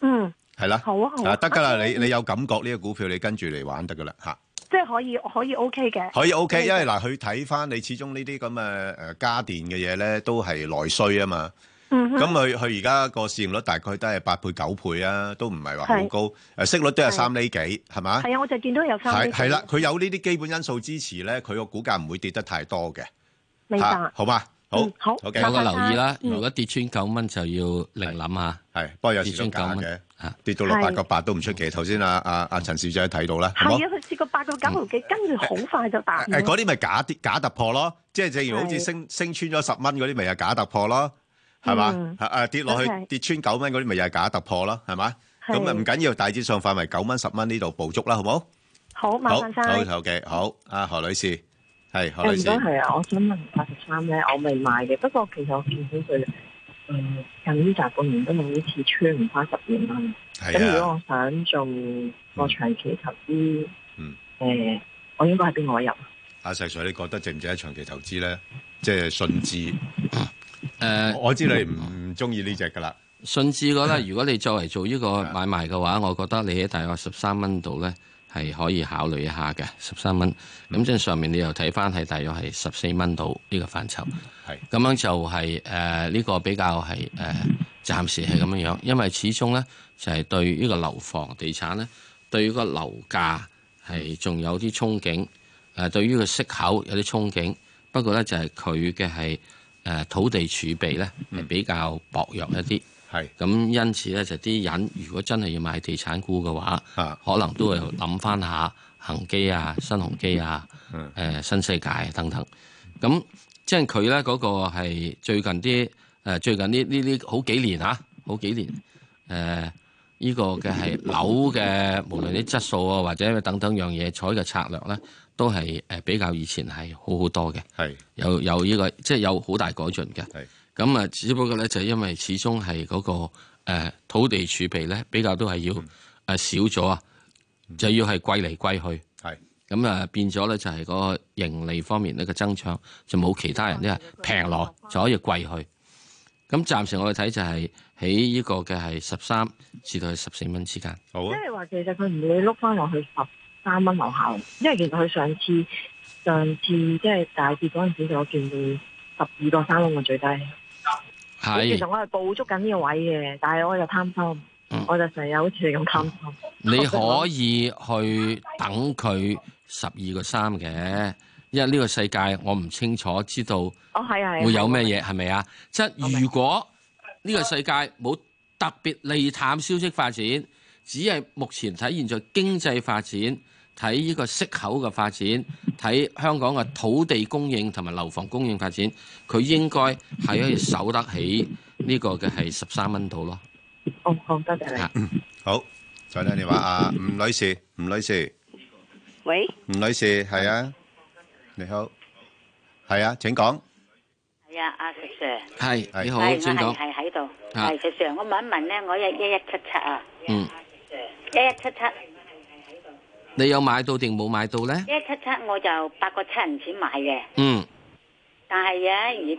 嗯。係啦，
好啊得噶啦，你你
有感覺呢、嗯、個股票，你跟住嚟玩得噶啦吓，即
係
可以、啊、可以 OK 嘅，可以 OK，因
為嗱，佢睇翻你始終呢啲咁嘅誒家電嘅嘢咧，都係內需啊嘛，咁佢佢而家個市盈率大概都係八倍九倍啊，都唔係話好高，誒是息率都係三厘幾係嘛，係
啊的吧，我就見到有三係啦，
佢有呢啲基本因素支持咧，佢個股價唔會跌得太多嘅，
明白、啊、好
嘛？好，好，我留意啦。如果跌穿九蚊就要另諗下。係，不過有時想假嘅，跌到六八個八都唔出奇。頭先阿阿阿陳小姐睇到啦，係啊，佢
試過八個九毫幾，跟住好快就八。誒，嗰啲
咪假跌、假突破咯？即係正如好似升升穿咗十蚊嗰啲，咪又假突破咯？係嘛？誒跌落去跌穿九蚊嗰啲，咪又係假突破咯？係嘛？咁啊，唔緊要，大致上範圍九蚊、十蚊呢度捕捉啦，好唔好？好，馬生。好，好嘅，好。阿何女士。誒，都係啊！
我想問八十三咧，我未買嘅。不過其實我見到佢，嗯，近呢扎半年都冇呢次穿，唔花十蚊啦。咁如果我想做個長期投資，嗯，誒、呃，我應該喺邊個位
入啊？阿石 Sir，你覺得值唔值得長期投資咧？即係信置誒，呃、我知你唔中意呢隻噶啦。信置覺得，如果你作為做呢個買賣
嘅話，啊、我覺得你喺大概十三蚊度咧。係可以考慮一下嘅十三蚊，咁即係上面你又睇返係大約係十四蚊度呢個範疇，係咁是樣就係誒呢個比較係誒、呃、暫時係咁樣樣，因為始終咧就係、是、對呢個樓房地產咧，對於個樓價係仲有啲憧憬，誒、呃、對於個息口有啲憧憬，不過咧就係佢嘅係誒土地儲備咧係比較薄弱一啲。嗯係咁，是因此咧就啲、是、人如果真係要買地產股嘅話，是可能都會諗翻下恒基啊、新鴻基啊、誒是、呃、新世界等等。咁即係佢咧嗰個係最近啲誒、呃、最近呢呢呢好幾年嚇、啊、好幾年誒呢、呃這個嘅係樓嘅無論啲質素啊或者等等樣嘢採嘅策略咧，都係誒比較以前係好好多嘅是，有、這個、有呢個即係有好大改進嘅。咁啊，只不過咧就係因為始終係嗰、嗰個、呃、土地儲備咧比較都係要誒少咗啊，嗯、就要係貴嚟貴去。咁啊係，變咗咧就係、係、嗰個盈利方面呢個增長就冇其他人呢係平落就可以貴去。咁暫時我哋睇就係喺呢個嘅係十三至到十四蚊之
間。好、啊。即係話其實佢
唔會碌翻落去十三蚊樓下，因為其實佢上次上次即係大跌嗰陣時，我有見到十二個三蚊嘅最低。是其實我係捕捉緊呢個位嘅，但係我又貪心，嗯、我就成日好似你咁貪心。嗯、我你可
以去等佢十二個三嘅，因為呢個世界我唔清楚知道會有咩嘢，係咪啊？即係的的如果呢個世界冇特別利淡消息發展，只係目前體現在經濟發展。睇依個息口嘅發展，睇香港嘅土地供應同埋樓房供應發展，佢應該係可以守
得起呢個嘅係十三蚊度咯。
好好，多謝你。
好，再聽電話啊，吳女士，吳女士，喂，
吳
女士，係啊，你好，係啊，請講。係啊，阿石 Sir，係，你好，請講。
係喺度，係石 Sir，我問一問咧，我一一七七啊，嗯，一一七七。
你有買到定冇買到咧？
一七七我就八個七人錢買嘅。嗯。但係嘢，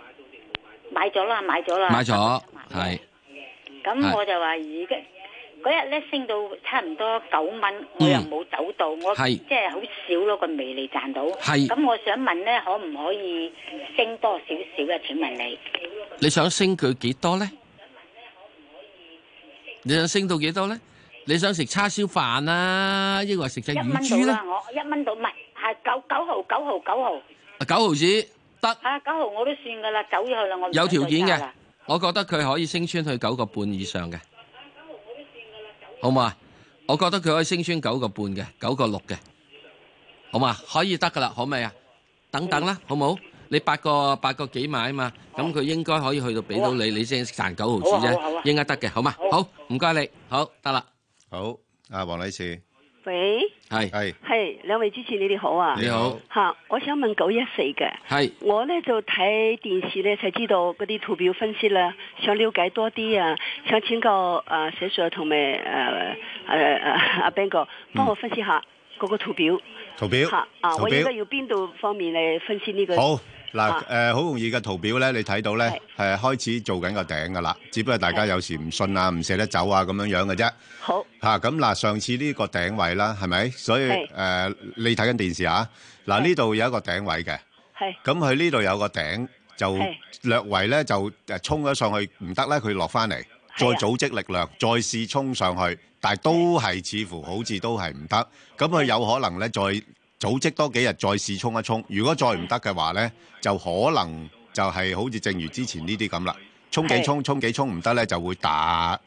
買咗啦，買咗啦。買咗了，係。咁是我就話而家嗰日咧升到差唔多九蚊，我又冇走到，嗯、我是即係好少咯。」個微利賺到。係是。咁我想問咧，可唔可以升多少少咧？請問你，
你
想升佢幾多咧？你想升到幾多咧？你想食叉燒飯啦，抑或食隻乳豬咧？一蚊到啦，
我一蚊到，唔係係九九毫九毫
九毫。啊九毫子得啊？九
毫我都算噶啦，走咗去啦，我有條件嘅，
我覺得佢可以升穿去九個半以上嘅。九毫我都算噶啦，好唔好啊？我覺得佢可以升穿九個半嘅，九個六嘅，好嘛？可以得噶啦，可唔可以啊？等等啦，好唔好？你八個八個幾買啊嘛？咁佢應該可以去到俾到你，你先賺九毫子啫，應該得嘅，好嘛？好唔該你，好得啦。好，
阿黃女士，喂，係係
係，是是兩位主持你哋好啊，你好，吓，我想問九一四嘅，係是，我咧就睇電視咧，就知道嗰啲圖表分析啦，想了解多啲啊，想請教阿石 Sir 同埋誒誒阿 Ben 哥，呃呃呃啊、ingo, 幫我分析下嗰、嗯、個圖表，圖表，吓好，啊表，我應該要邊度方面嚟分析呢、呢個？好。
嗱，誒好容易嘅圖表咧，你睇到咧，係開始做緊個頂㗎喇。只不過大家有時唔信啊，唔捨得走啊，咁樣樣嘅啫。
好
嚇，咁嗱，上次呢個頂位啦，係咪？所以誒，你睇緊電視嚇，嗱呢度有一個頂位嘅。
係。咁
佢呢度有個頂，就略為咧就誒衝咗上去唔得咧，佢落翻嚟，再組織力量，再試衝上去，但係都係似乎好似都係唔得。咁佢有可能咧再，組織多幾日再試衝一衝，如果再唔得嘅話咧，就可能就係好似正如之前呢啲咁啦，衝幾衝衝幾衝唔得咧，就會打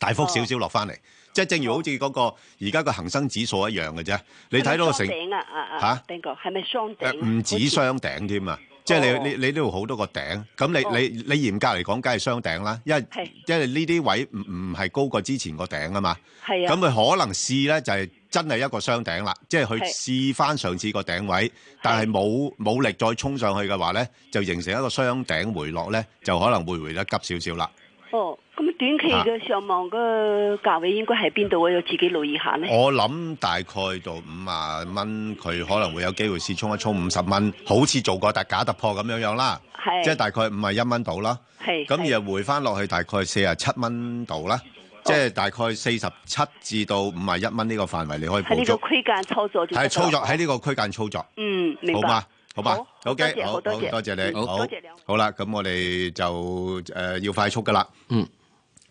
大幅少少落翻嚟，即係正如好似嗰個而家個恆生指數一樣嘅啫。你睇到個成頂啊
啊啊嚇，頂個
係咪雙頂？誒，唔
止雙頂添啊，即係你你你呢度好多個頂，咁你你你嚴格嚟講，梗係雙頂啦，因為因為呢啲位唔唔係高過之前個頂啊嘛，
係啊，咁佢可
能試咧就係。真係一個雙頂啦，即係去試翻上次個頂位，但係冇冇力再衝上去嘅話咧，就形成一個雙頂回落咧，就可能會回得急少少啦。哦，
咁短期嘅上望嘅價位應該喺邊度啊？要自己留意下咧。我
諗大概到五啊蚊，佢可能會有機會試衝一衝五十蚊，好似做個突破，假突破咁樣樣啦。
係。即係大
概五啊一蚊度啦。
係。
咁而回翻落去大概四啊七蚊度啦。即係大概四十七至到五十一蚊呢個範圍，你可以捕捉
喺呢個
區間操作。係操作喺呢個區間操作。
嗯，明白。
好嘛，好嘛，OK，好多謝，好多謝你。好多謝你。好啦，咁我哋就誒要快速噶啦。嗯，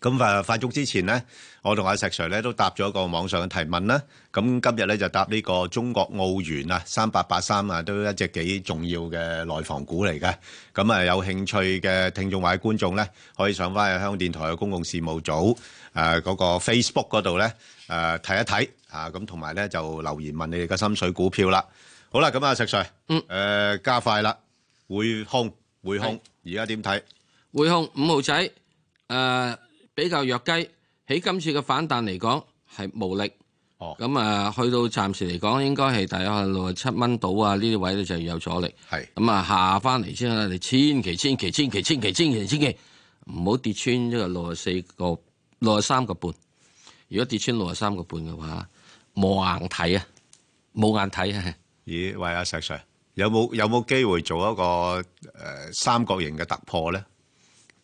咁誒快速之前咧。我同阿石 Sir 咧都答咗一個網上嘅提問啦。咁今日咧就答呢個中國奧園啊，三八八三啊，都一隻幾重要嘅內房股嚟嘅。咁啊，有興趣嘅聽眾或者觀眾咧，可以上翻去香港電台嘅公共事務組誒嗰個 Facebook 嗰度咧誒睇一睇嚇。咁同埋咧就留言問你哋嘅心水股票啦。好啦，咁啊，石 Sir，嗯，誒加快啦，匯控匯控，而家點睇
匯控五號仔，誒比較弱雞，喺今次嘅反彈嚟講係無力，咁啊、哦、去到暫時嚟講應該係大概六十七蚊到啊呢啲位咧就有阻力，係咁啊下翻嚟先啊！你千祈千祈千祈千祈千祈千祈唔好跌穿呢個六十四個六十三個半。如果跌穿
六十三個半嘅話，冇眼睇啊！冇眼睇啊！咦？喂，阿石 Sir，有冇有冇機會做一個誒、呃、三角形嘅突破咧？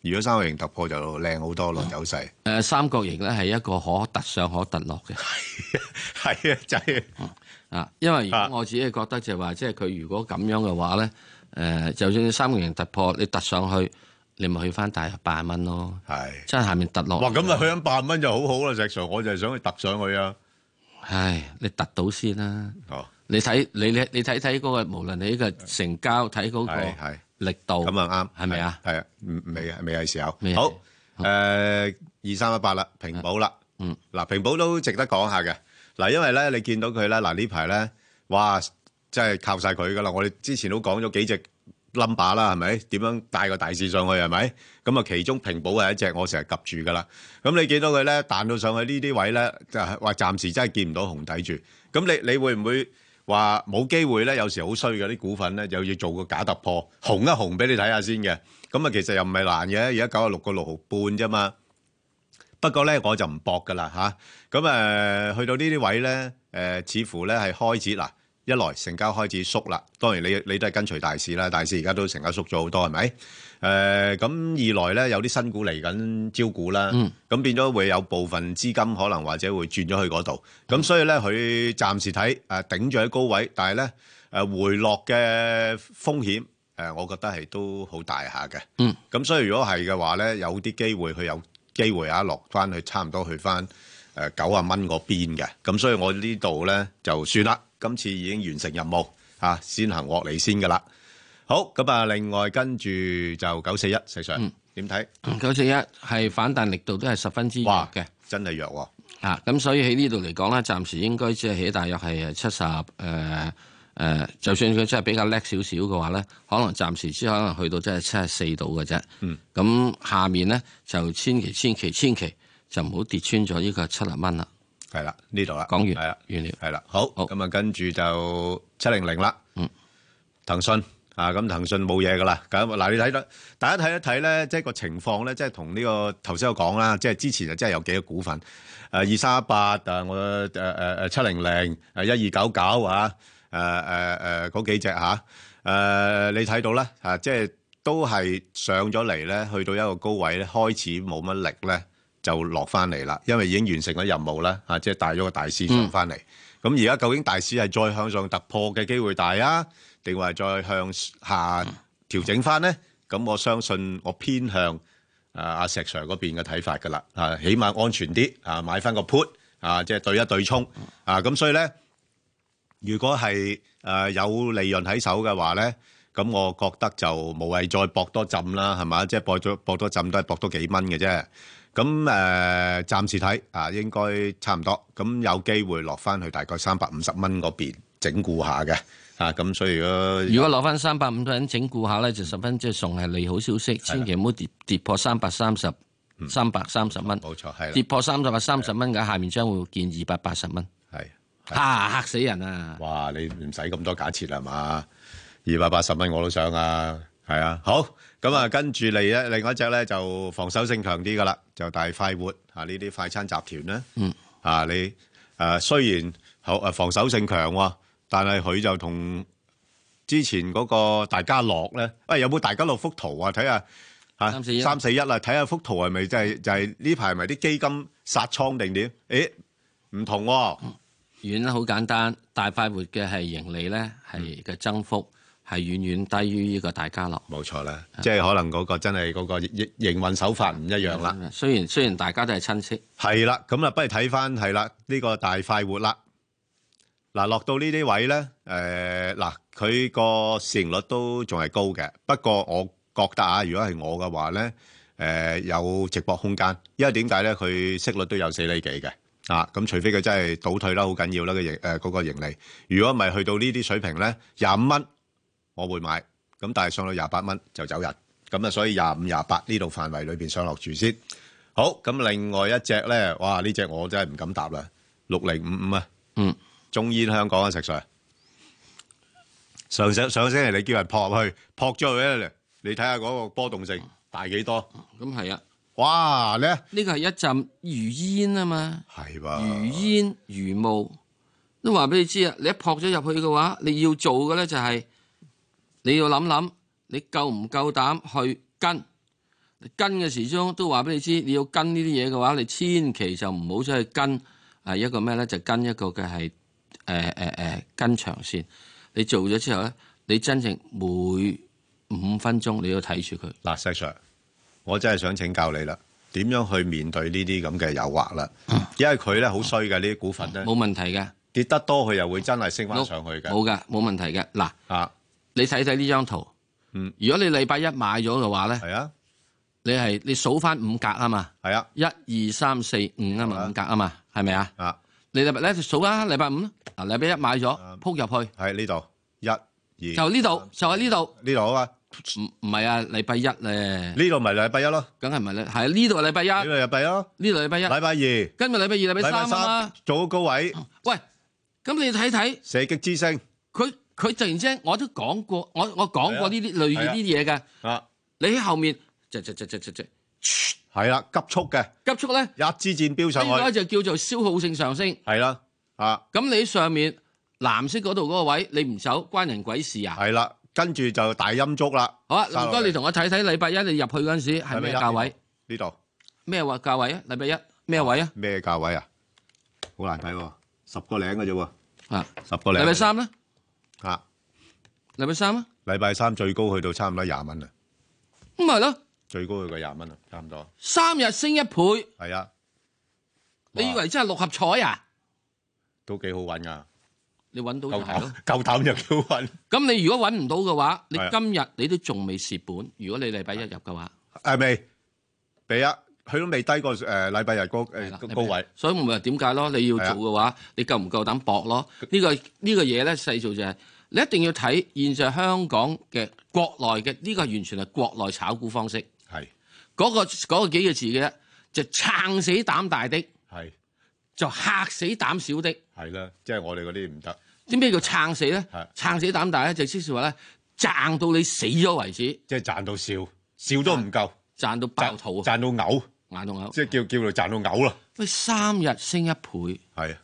如果三角形突破就靚好多咯，走勢。誒、呃，三角形咧係一個可突上可
突落嘅。係
係啊，就係、是、啊。因為如果我自己覺得就、啊、話，
即係佢如果咁樣嘅話咧，誒，就算你三角形突破，你突上去，你咪去翻大約八蚊咯。係的，即係下面突落哇。哇，咁
啊去翻八蚊就好好啦，石 Sir 我就係想去突上去啊。
唉，你突到先啦、啊。哦，你睇
你咧，你睇睇嗰個，無論你呢個成交睇嗰、那個。係。力度咁啊啱，係咪啊？係啊，未啊，未係時候。是好，誒二三一八啦，平、呃、保啦。嗯，嗱平保都值得講下嘅。嗱，因為咧你見到佢咧，嗱呢排咧，哇，真係靠晒佢噶啦。我哋之前都講咗幾隻 number 啦，係咪？點樣帶個大市上去係咪？咁啊，其中平保係一隻我，我成日及住噶啦。咁你見到佢咧彈到上去呢啲位咧，就係話暫時真係見唔到紅底住。咁你你會唔會？話冇機會咧，有時好衰嘅啲股份咧，又要做個假突破，紅一紅俾你睇下先嘅。咁啊，其實又唔係難嘅，而家九啊六個六毫半啫嘛。不過咧，我就唔搏噶啦吓。咁、啊、誒，去到呢啲位咧，誒、呃，似乎咧係開始啦。一來成交開始縮啦，當然你你都係跟隨大市啦，大市而家都成交縮咗好多，係咪？誒，咁二來咧有啲新股嚟緊招股啦，咁變咗會有部分資金可能或者會轉咗去嗰度，咁所以咧佢暫時睇誒頂住喺高位，但係咧誒回落嘅風險誒，我覺得係都好大下嘅，咁所以如果係嘅話咧，有啲機會佢有機會啊落翻去差唔多去翻誒九啊蚊嗰邊嘅，咁所以我呢度咧就算啦，今次已經完成任務啊，先行獲利先噶啦。好咁啊！另外跟住就九四一，嗯，石 Sir 點睇？九四一係反彈力度都係十分之弱嘅，真係弱，哦，啊！咁
所以喺呢度嚟講咧，暫時應該即係起大約係七十誒誒，就算佢真係比較叻少少嘅話咧，可能，暫時只可能去到真係七十四度嘅啫。嗯，咁下面咧就千祈千祈千祈就唔好跌穿咗呢個七十蚊啦。
係啦，呢度啦，講完係啦，了完啦了，係啦，好咁啊，好跟住就七零零啦，嗯，騰訊。啊，咁騰訊冇嘢噶啦，咁、啊、嗱，你睇到大家睇一睇咧，即係個情況咧，即係同呢個頭先我講啦，即係之前就真係有幾個股份，二三一八，我誒誒七零零，一二九九嚇，嗰、啊呃呃、幾隻嚇、啊，你睇到咧、啊，即係都係上咗嚟咧，去到一個高位咧，開始冇乜力咧，就落翻嚟啦，因為已經完成咗任務啦、啊，即係帶咗個大市上翻嚟，咁而家究竟大市係再向上突破嘅機會大啊？定係再向下調整翻呢？咁我相信我偏向啊阿石 Sir 嗰邊嘅睇法噶啦，啊起碼安全啲啊買翻個 put 啊，即係對一對沖啊咁，所以呢，如果係有利潤喺手嘅話呢，咁我覺得就無謂再博多浸啦，係咪？即係博咗博多浸都係博多幾蚊嘅啫。咁誒、呃，暫時睇啊，應該差唔多。咁有機會落翻去大概三百五十蚊嗰邊整固下嘅。啊，咁所以如果如果攞
翻三百五十蚊整固下咧，就十分即係仲係利好消息，的千祈唔好跌跌破三百三十三百三十蚊，冇錯係跌破三百三十蚊嘅，的下面將會見二百八十蚊，
係吓吓死人啊！哇，你唔使咁多假設係嘛？二百八十蚊我都想啊，係啊，好咁啊，跟住嚟一另外一隻咧就防守性強啲噶啦，就大快活吓呢啲快餐集團咧，嗯啊你誒、啊、雖然好誒防守性強喎。但係佢就同之前嗰個大家樂咧，喂、哎、有冇大家樂幅圖啊？睇下吓，啊、三四一、三四一啦，睇下幅圖係咪真係就係呢排咪啲基金殺倉定點？誒，唔同、啊，
遠啦、嗯，好簡單，大快活嘅係盈利咧，係嘅
增幅係遠遠低於呢個大家樂。冇錯、嗯、啦，即係可能嗰個真係嗰個營運手法唔一樣啦、嗯。雖然雖然大家都係親戚，係啦，咁啊，不如睇翻係啦呢個大快活啦。嗱落到呢啲位咧，誒嗱佢個市盈率都仲係高嘅，不過我覺得啊，如果係我嘅話咧，誒有直播空間，因為點解咧？佢息率都有四釐幾嘅，啊咁除非佢真係倒退啦，好緊要啦，佢盈誒嗰個盈利。如果唔係去到呢啲水平咧，廿五蚊我會買，咁但係上到廿八蚊就走人，咁啊所以廿五廿八呢度範圍裏邊上落住先。好，咁另外一隻咧，哇呢隻我真係唔敢答啦，六零五五啊，嗯。中煙香港啊，石 Sir，上上上星期你叫人撲入去，撲咗去咧，你睇下嗰個波動性大幾多？咁係啊，哇！呢呢個係一陣如煙啊嘛，係吧？如
煙如霧都話俾你知啊！你一撲咗入去嘅話，你要做嘅咧就係你要諗諗，你夠唔夠膽去跟？跟嘅時鐘都話俾你知，你要跟呢啲嘢嘅話，你千祈就唔好再跟啊一個咩咧？就跟一個嘅係。誒誒誒，跟長線你做咗之後咧，
你真正每五分鐘你都睇住佢。嗱，石 Sir，我真係想請教你啦，點樣去面對呢啲咁嘅誘惑啦？ 因為佢咧好衰㗎，呢啲股份咧，冇問題嘅，跌得多佢又會真係升翻上去嘅。冇噶，冇問題嘅。嗱，
啊、你睇睇呢張圖，嗯，如果你禮拜一買咗嘅話咧，係啊，你係你數翻五格啊嘛，係啊，一二三四五啊嘛，五格啊嘛，係咪啊？啊。你禮拜咧數啦，禮拜五啦，啊，禮拜一買咗，撲入去，喺呢度，一，二，就呢度，就喺呢度，呢度好啊，唔唔係啊，禮拜一咧，呢度唔係禮拜一
咯，梗係唔係咧，係呢度係禮拜一，呢度禮拜一咯，呢度禮拜一，禮拜二，跟住禮拜二，禮拜三啊，早高位，
喂，咁你睇睇，
射擊之星，佢佢突然之間
我都講過，我我講過呢啲類似呢啲嘢嘅，啊，你喺後面，這這這係啦，急速嘅。急速咧，一支箭飆上去，呢個就叫做消耗性上升。係啦，啊，咁你上面藍色嗰度嗰個位，你唔走，關人鬼
事啊？係啦，跟住就大陰燭啦。好
啊，唔該你同我睇睇禮拜一你入去嗰陣時係咩價位？
呢度咩話價位啊？禮拜一咩位啊？咩價位啊？好難睇喎，十個零嘅啫喎。啊，十個零。禮拜三咧？啊，禮拜三啊？禮拜三最高去到差唔多廿蚊啊？
咁咪咯。
最高佢個廿蚊啊，差
唔多三日升一倍。係啊，你以為真係六合彩啊？都幾好揾㗎，你揾到就係咯，
夠膽就叫揾，咁你如果揾
唔到嘅話，啊、你今日你都仲未蝕本。如果你禮拜一入嘅話，
係咪？俾啊！佢都未低過誒禮拜日個、呃啊、高位，所以咪點解咯？你
要做嘅話，啊、你夠唔夠膽搏咯？這個這個、呢個呢個嘢咧，細數就係、是、你一定要睇現在香港嘅國內嘅呢、這個，完全係國內炒股方式。嗰、那個幾、那個幾個字嘅就撐死膽大的，的就嚇死膽小的，啦，即係我哋嗰啲唔得。點咩叫撐死咧？的撐死膽大咧，就即係話咧，賺到你死咗為止，即係賺到笑笑都唔夠，賺，賺到爆肚，賺,賺到嘔賺到嘔，即係叫叫佢賺到嘔啦。喂的，三日升一倍，
啊的，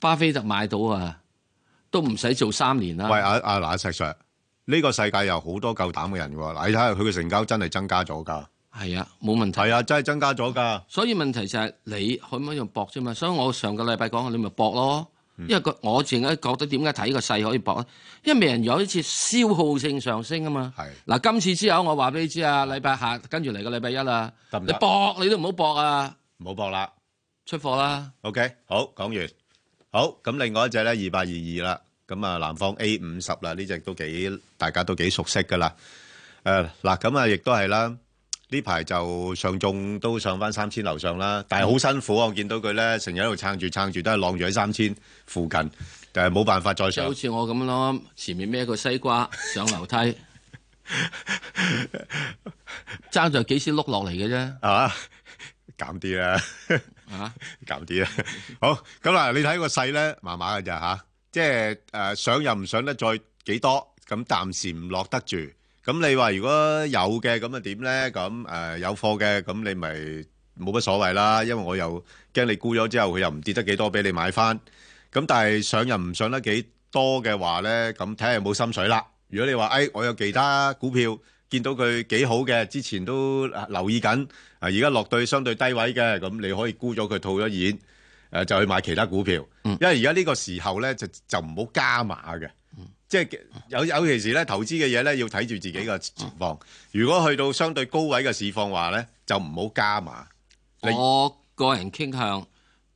巴菲特買到啊，都唔使做三年啦。喂，阿阿嗱石 Sir。呢個世界有好多夠膽嘅人㗎，你睇下佢嘅成交真係增加咗噶，係啊，冇問題，係啊，真係增加咗噶。所以問題就係你可唔可以用
搏啫嘛？所以我上個禮拜講，你咪搏咯。嗯、因為我自己覺得點解睇個勢可以搏咧？因為未人有一次消耗性上升是啊嘛。係嗱，今次之後我話俾你知啊，禮拜下跟住嚟個禮拜一啦嗎，你搏你都唔好搏啊，唔好搏啦，出貨
啦，嗯。OK，好講完，好，咁，另外一隻咧二八二二啦。咁啊，南方 A 五十啦，呢隻都幾大家都幾熟悉噶啦。誒嗱，咁啊，亦都係啦。呢排就上證都上翻三千樓上啦，但係好辛苦啊！我見到佢咧，成日喺度撐住撐住，都係晾住喺三千附近，但係冇辦法再上。即係好似我咁咯，前面孭個西瓜上樓梯，爭在幾時碌落嚟嘅啫。啊，減啲啦，啊，減啲啦。好，咁啊，你睇個勢咧，麻麻嘅咋嚇？即係誒上又唔上得再幾多，咁暫時唔落得住。咁你話如果有嘅，咁啊點咧？咁誒有貨嘅，咁你咪冇乜所謂啦。因為我又驚你沽咗之後，佢又唔跌得幾多俾你買翻。咁但係上又唔上得幾多嘅話咧，咁睇下有冇心水啦。如果你話誒，我有其他股票見到佢幾好嘅，之前都留意緊，而家落到相對低位嘅，咁你可以沽咗佢套咗現。誒就去買其他股票，因為而家呢個時候咧就就唔好加碼嘅，即係有有其時咧，投資嘅嘢咧要睇住自己嘅情況。如果去到相對高位嘅市況話咧，就唔好加碼。我個人傾向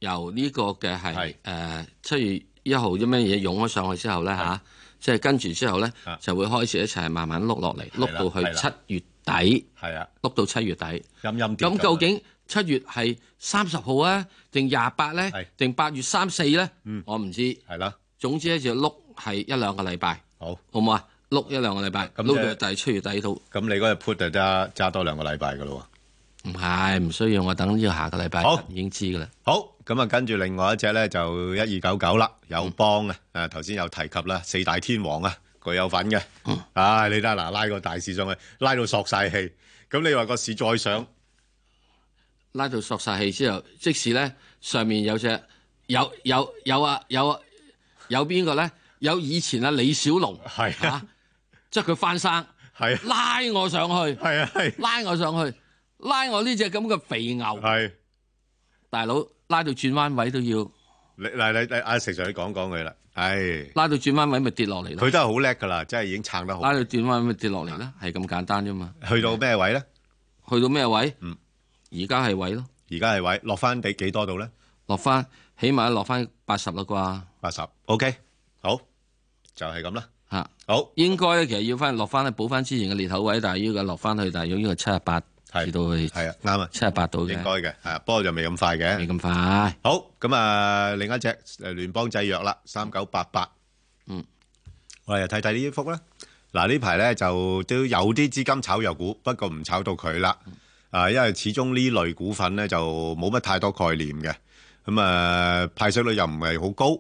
由呢個嘅係誒七月一號啲咩嘢湧咗上去之後咧嚇，即係跟住之後咧就會開始一齊慢慢碌落嚟，碌到去七月底，係啊，碌到七月底。咁究竟？七月係三十號啊，定廿八咧，定八月三四咧，我唔知。係啦，總之咧就碌係一兩個禮拜。好，好唔好啊？碌一兩個禮拜。咁碌就就係七月底到。咁你嗰日 put 就揸
多兩個禮拜噶咯喎？唔係，
唔需要，我等呢個下個禮拜。好，
已經知噶啦。好，咁啊，跟住另外一隻咧就一二九九啦，友邦啊，啊頭先有提及啦，四大天王啊，佢有份嘅。嗯。唉，你得嗱，拉個大市上去，拉到索晒氣，咁你話個市再上？拉到索晒氣之後，即使咧上
面有只有有有啊有啊有邊個咧？有以前阿李小龍係是啊，啊，即係佢翻生，拉我上去，拉我上去，拉我呢隻咁嘅肥牛，是啊、大佬拉到轉彎位都要。嗱嗱嗱，阿石上去你講講佢啦，係、啊、拉到轉彎位咪跌落
嚟咯。佢都係好叻噶啦，真係已經撐得好。拉到轉彎咪跌落嚟啦，係咁簡單啫嘛。去到咩位咧？去到咩位？嗯。而家係位咯，而家係位落翻俾幾多度咧？
落翻起碼落翻八十啦啩，八十 OK 好，就係咁啦吓，好應該其實要翻落翻去補翻之前嘅裂口位，但係要個落翻去，但係要呢個七十八至到去係啊啱啊七十八度嘅應該嘅啊，不過就未咁快嘅，未咁快
好咁啊，另一隻誒聯邦製藥啦三九八八，嗯，我哋又睇睇呢一幅啦嗱、啊、呢排咧就都有啲資金炒藥股，不過唔炒到佢啦。嗯啊，因為始終呢類股份咧就冇乜太多概念嘅，咁啊派息率又唔係好高，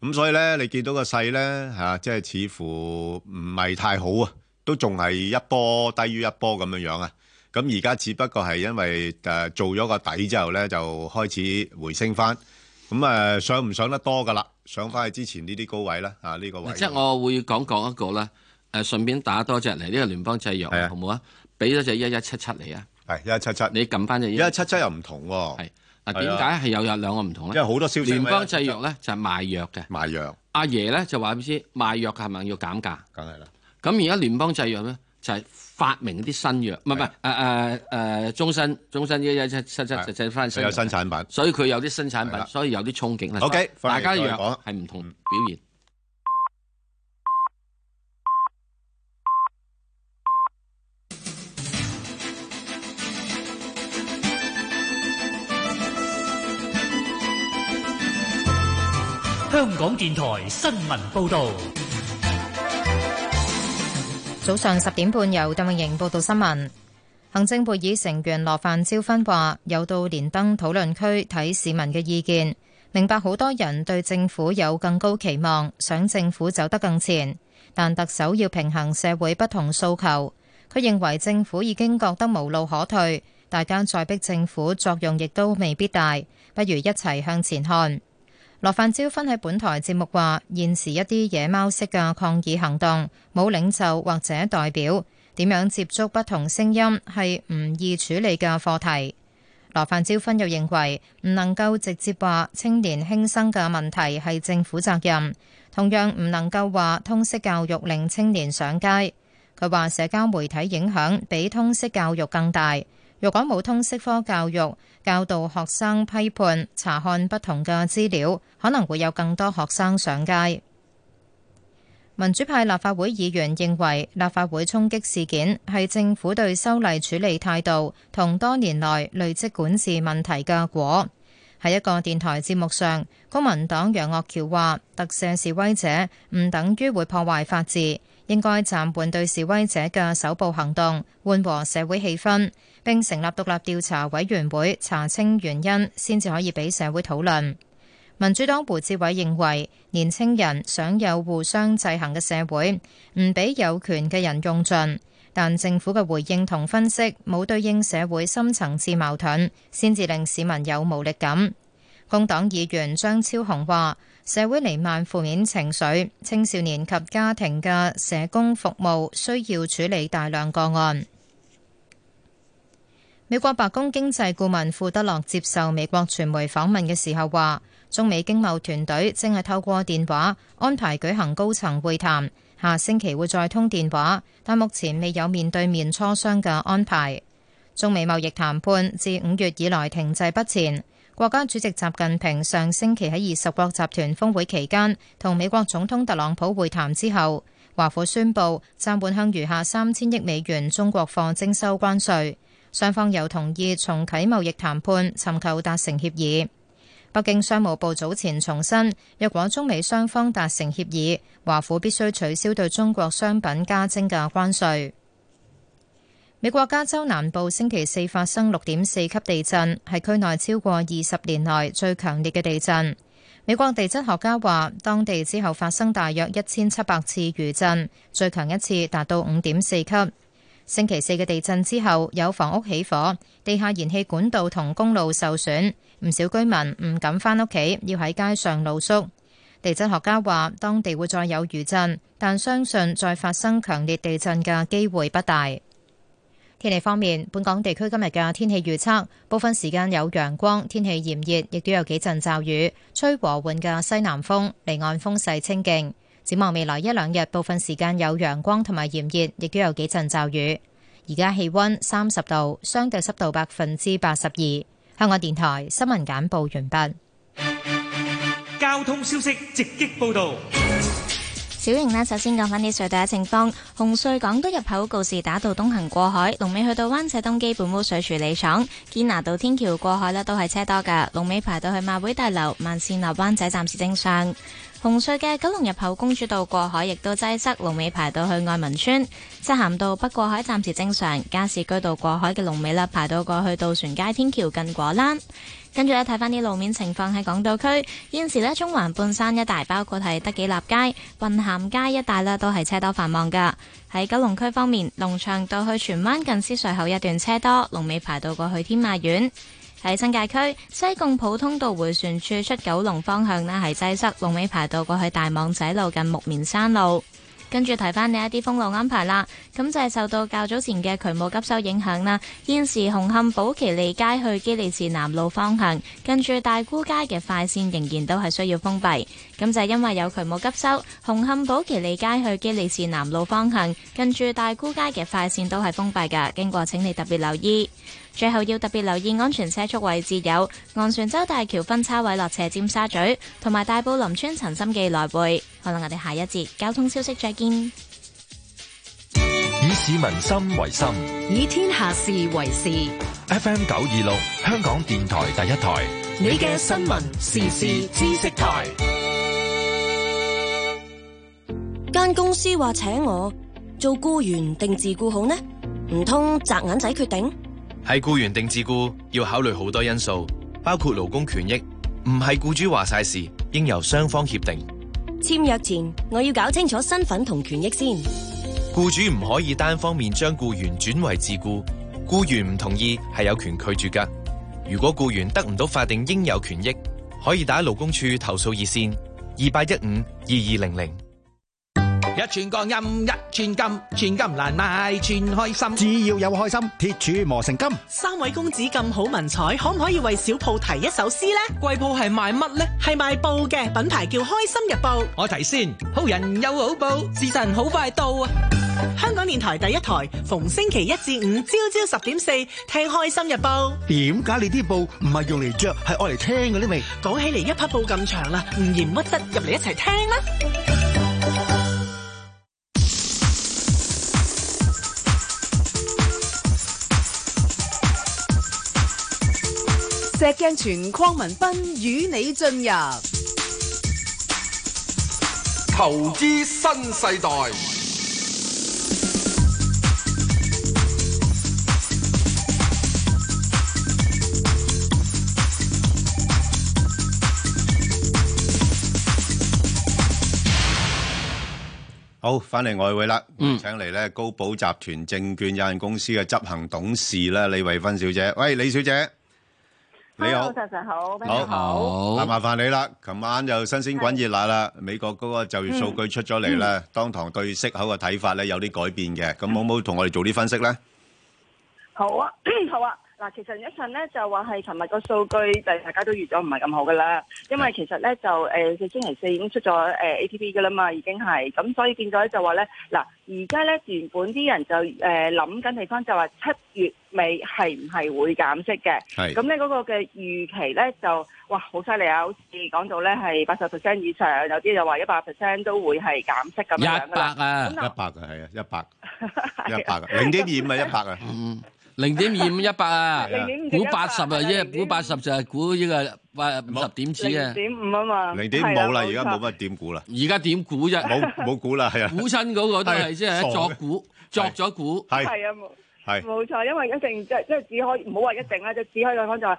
咁所以咧你見到個勢咧吓、啊，即係似乎唔係太好啊，都仲係一波低於一波咁樣樣啊。咁而家只不過係因為誒、啊、做咗個底之後咧，就開始回升翻，咁啊上唔上得多噶啦？上翻去之前呢啲高位咧啊？呢、呢個位
即係我會講講一個啦，誒、啊、順便打多隻嚟呢個聯邦製藥好唔好是啊？俾多隻一一七七嚟啊！
係一七七，你撳翻隻一七七又唔同喎。嗱，點解係
有有兩個唔同咧？因為好多消聯邦製藥咧就係賣藥嘅。賣藥。阿爺咧就話畀你知賣藥係咪要減價？梗係啦。咁而家聯邦製藥咧就係發明啲新藥，唔係唔係誒誒誒，中新中新一一七七七製翻新。有新產品。所以佢有啲新產品，所以有啲衝勁。O K，大家藥係唔同表現。
香港電台新聞報道，
早上十點半由鄧穎瑩報道新聞。行政會議成員羅范椒芬話：有到連登討論區睇市民嘅意見，明白好多人對政府有更高期望，想政府走得更前。但特首要平衡社會不同訴求，佢認為政府已經覺得無路可退，大家再逼政府作用亦都未必大，不如一齊向前看。羅范椒芬喺本台節目話：現時一啲野貓式嘅抗議行動，冇領袖或者代表，點樣接觸不同聲音係唔易處理嘅課題。羅范椒芬又認為，唔能夠直接話青年輕生嘅問題係政府責任，同樣唔能夠話通識教育令青年上街。佢話社交媒體影響比通識教育更大。若果冇通識科教育，教導學生批判、查看不同嘅資料，可能會有更多學生上街。民主派立法會議員認為，立法會衝擊事件係政府對修例處理態度同多年來累積管治問題嘅果。喺一個電台節目上，公民黨楊岳橋話特赦示威者唔等於會破壞法治。應該暫緩對示威者嘅手部行動，緩和社會氣氛，並成立獨立調查委員會查清原因，先至可以俾社會討論。民主黨胡志偉認為，年輕人想有互相制衡嘅社會，唔俾有權嘅人用盡，但政府嘅回應同分析冇對應社會深層次矛盾，先至令市民有無力感。工黨議員張超雄話。社會瀰漫負面情緒，青少年及家庭嘅社工服務需要處理大量個案。美國白宮經濟顧問庫德洛接受美國傳媒訪問嘅時候話，中美經貿團隊正係透過電話安排舉行高層會談，下星期會再通電話，但目前未有面對面磋商嘅安排。中美貿易談判自五月以來停滯不前。國家主席習近平上星期喺二十國集團峰會期間同美國總統特朗普會談之後，華府宣佈暫緩向餘下三千億美元中國貨徵收關稅，雙方又同意重啟貿易談判，尋求達成協議。北京商務部早前重申，若果中美雙方達成協議，華府必須取消對中國商品加徵嘅關稅。美國加州南部星期四發生六點四級地震，係區內超過二十年來最強烈嘅地震。美國地質學家話，當地之後發生大約一千七百次餘震，最強一次達到五點四級。星期四嘅地震之後有房屋起火，地下燃氣管道同公路受損，唔少居民唔敢翻屋企，要喺街上露宿。地質學家話，當地會再有餘震，但相信再發生強烈地震嘅機會不大。天氣方面，本港地區今日嘅天氣預測，部分時間有陽光，天氣炎熱，亦都有幾陣驟雨，吹和緩嘅西南風，離岸風勢清勁。展望未來一兩日，部分時間有陽光同埋炎熱，亦都有幾陣驟雨。而家氣溫三十度，相對濕度百分之八十二。香港電台新聞簡報完畢。
交通消息直擊報道。
小瑩呢，首先講翻啲隧道嘅情況。紅隧港島入口告士打道東行過海，龍尾去到灣仔東基本污水處理廠；堅拿道天橋過海呢都係車多噶，龍尾排到去馬會大樓；慢線落灣仔暫時正常。紅隧嘅九龍入口公主道過海亦都擠塞，龍尾排到去愛民村；漆咸道北過海暫時正常；加士居道過海嘅龍尾啦排到過去渡船街天橋近果欄。跟住咧，睇翻啲路面情況喺港島區現時咧，中環半山一帶，包括係德己立街、雲咸街一帶都係車多繁忙噶。喺九龍區方面，龍翔道去荃灣近獅隧口一段車多，龍尾排到過去天馬苑。喺新界區，西貢普通道迴旋處出九龍方向咧係擠塞，龍尾排到過去大網仔路近木棉山路。跟住提翻你一啲封路安排啦，咁就係受到較早前嘅渠務急修影響啦。現時紅磡寶其利街去機利士南路方向，近住大沽街嘅快線仍然都係需要封閉，咁就係因為有渠務急修，紅磡寶其利街去機利士南路方向，近住大沽街嘅快線都係封閉㗎。經過請你特別留意。最後要特別留意安全車速位置，有昂船洲大橋分叉位落斜、尖沙咀同埋大埔林村陳心記來回。可能我哋下一節交通消息再見。
以市民心為心，
嗯、以天下事為事。
F M 九二六香港電台第一台，
你嘅新聞時事知識台。間公司話請我做僱員定自僱好呢？唔通擲銀仔決定？
係雇員定自雇，要考慮好多因素，包括勞工權益，唔係雇主話晒事，應由雙方協定。
簽約前，我要搞清楚身份同權益先。
雇主唔可以單方面將雇員轉為自雇，雇
員唔同意係有權拒絕噶。如果雇員得唔到法定應有權益，可以打勞工處投訴熱線二八一五二二零零。
一寸光陰一寸金，寸金難買寸開心。只要有開心，鐵杵磨成金。三位公子咁好文采，可唔可以為小鋪提一首詩咧？貴鋪係賣乜咧？係賣布嘅，品牌叫開心日報。我提先，好人有好報，時辰好快到。香港電台第一台，逢星期一至五朝朝十點
四，聽開心日報。
點解你啲布唔係用嚟着，係愛嚟聽嗰啲味？講
起嚟一匹布咁長啦，唔嫌乜質，入嚟一齊聽啦。
石鏡泉鄺民彬，與你
進入
投資新世
代。
好，翻嚟外圍啦。嗯，請嚟咧高寶集團證券有限公司嘅執行董事啦，李慧芬小姐。喂，李小姐。你好，
你好，好，
嗱好，麻煩你啦。琴晚就新鮮滾熱辣啦，是美國嗰個就業數據出咗嚟啦，嗯、當堂對息口嘅睇法咧有啲改變嘅，咁好唔好同我哋做啲分析咧、
啊？好
啊，好啊。嗱，其實一陣咧就話係尋日個數據就大家都預咗唔係咁好噶啦，因為其實咧就誒、呃，星期四已經出咗誒、呃、ATP 噶啦嘛，已經係咁，所以見到咧就話咧，嗱，而家咧原本啲人就誒諗緊地方就話七月尾係唔係會減息嘅，咁咧嗰個嘅預期咧就哇好犀利啊，好似講到咧係八十 percent 以上，有啲就話一百 percent 都會係減息咁樣一百啊，一百嘅係啊，一
百、 嗯，一百零點二五咪一百啊。零
點二五一百啊，估八十啊，即係估八十就係、是、0. 5 估呢個，五十點子啊，零
點五啊嘛，零點五冇啦，而家冇
乜點估啦，而家點估啫，冇冇估啦，係啊，麼麼估親嗰、啊、個都係即係作估，的作咗估，係是啊
冇。冇是錯，因為一定即即只可以唔好話一定啦，就只可以講、呃、就係誒，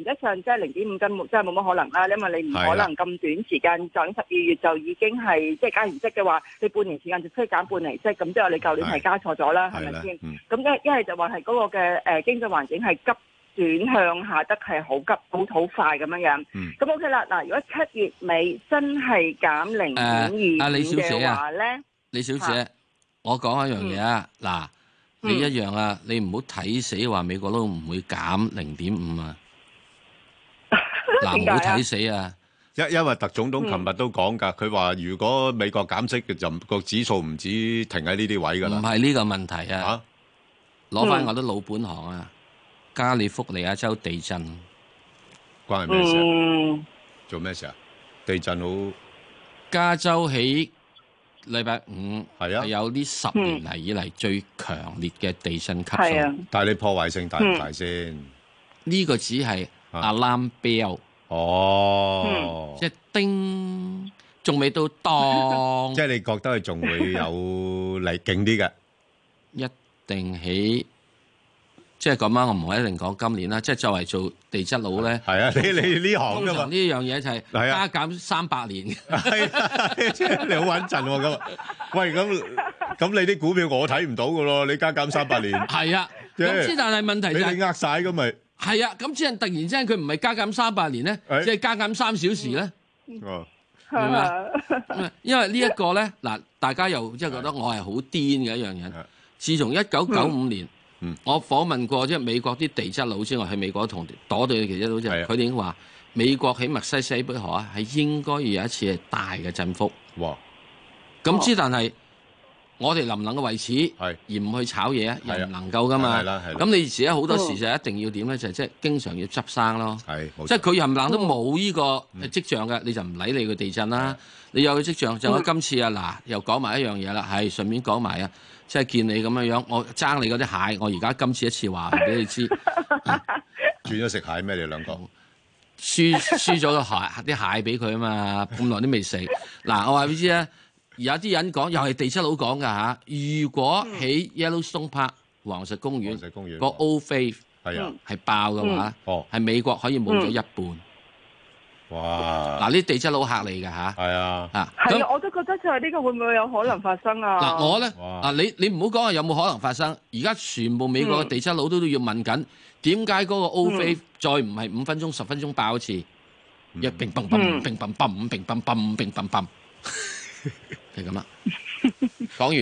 而家上即係零點五斤，即係冇乜可能啦。因為你唔可能咁短時間，舊的年十二月就已經係即加息嘅話，你半年時間就即減半年息，咁即係你舊年係加錯咗啦，係咪先？咁一一係就話係嗰個嘅誒經濟環境係急轉向下得係好急好好快咁樣樣。咁、嗯、OK 啦，嗱，如果七月尾真係減零點二五，李小姐話咧，
李小姐，我講一樣嘢啊，嗱話。你一樣啊！你唔好睇死
話美國都唔會減零點五啊！
嗱，唔好睇死
啊！因因為特總統琴日都講噶，佢話如果美國減息嘅就個指數唔止停喺呢啲位
噶啦。唔係
呢
個問題啊！
攞翻我
啲
老本行
啊！加利福尼亞州地震，關係咩事？做咩事啊？地震好加州起。禮拜五，係啊，有呢十年嚟以嚟最強烈嘅地震級數，但係你破壞性大唔大先？呢個只係 alarm bell，哦，
即係叮，仲未到噹。即係你覺得佢仲會有嚟勁啲嘅？一定係。
即係咁啊！我唔可以一定講今年啦。即係作為做地質佬咧，係啊，你你呢行呢樣
嘢就係加減三百年。係啊，你好穩陣喎咁喂，咁咁你啲股票我睇唔到嘅咯，你加減三百年。係啊，咁即但係問題你呃
晒咁咪？係啊，咁即係突然之間佢唔係加減三百年咧，即係加減三小時咧。哦，係嘛？因為呢一個咧嗱，大家又即係覺得我係好癲嘅一樣嘢。自從一九九五年。嗯、我訪問過即係美國啲地質佬之外，喺美國同躲對嘅地質佬就係佢哋已經話美國喺墨西哥西北河啊，係應該要有一次係大嘅震幅。咁之但係我哋能唔能夠為此而唔去炒嘢啊？又唔能夠噶嘛。咁你而家好多時就一定要點咧？就即、係、係經常要執生咯。係即係佢冚唪唥都冇呢個跡象嘅，嗯、你就唔理你個地震啦。的你有跡象就喺今次啊嗱、嗯，又講埋一樣嘢啦，係順便講埋啊。即係見你咁樣樣，我爭你嗰啲蟹，我而家今次一次話俾你知、 啊，轉咗食蟹咩？你兩個 輸輸咗蟹啲蟹俾佢啊嘛，咁耐都未食。嗱， 我話俾你知咧，而家啲人講又係地質佬講噶嚇。如果喺 Yellowstone 黃石公園，黃石公園個 Old Faith 係啊，係爆嘅話，係、嗯、美國可以冇咗一半。嗯哇！嗱，呢地質佬嚇你㗎吓？係啊嚇，係
啊，我都覺得就係呢
個會唔會有
可能發生啊？嗱，我咧啊，你你唔好講話，有冇可能發生？而家全部美國嘅地質佬都都要問緊，點解嗰個歐菲再唔係五分鐘、十分鐘爆一次，一乒嘭嘭、乒嘭嘭、五乒嘭嘭、五乒嘭嘭，係咁啦。講完，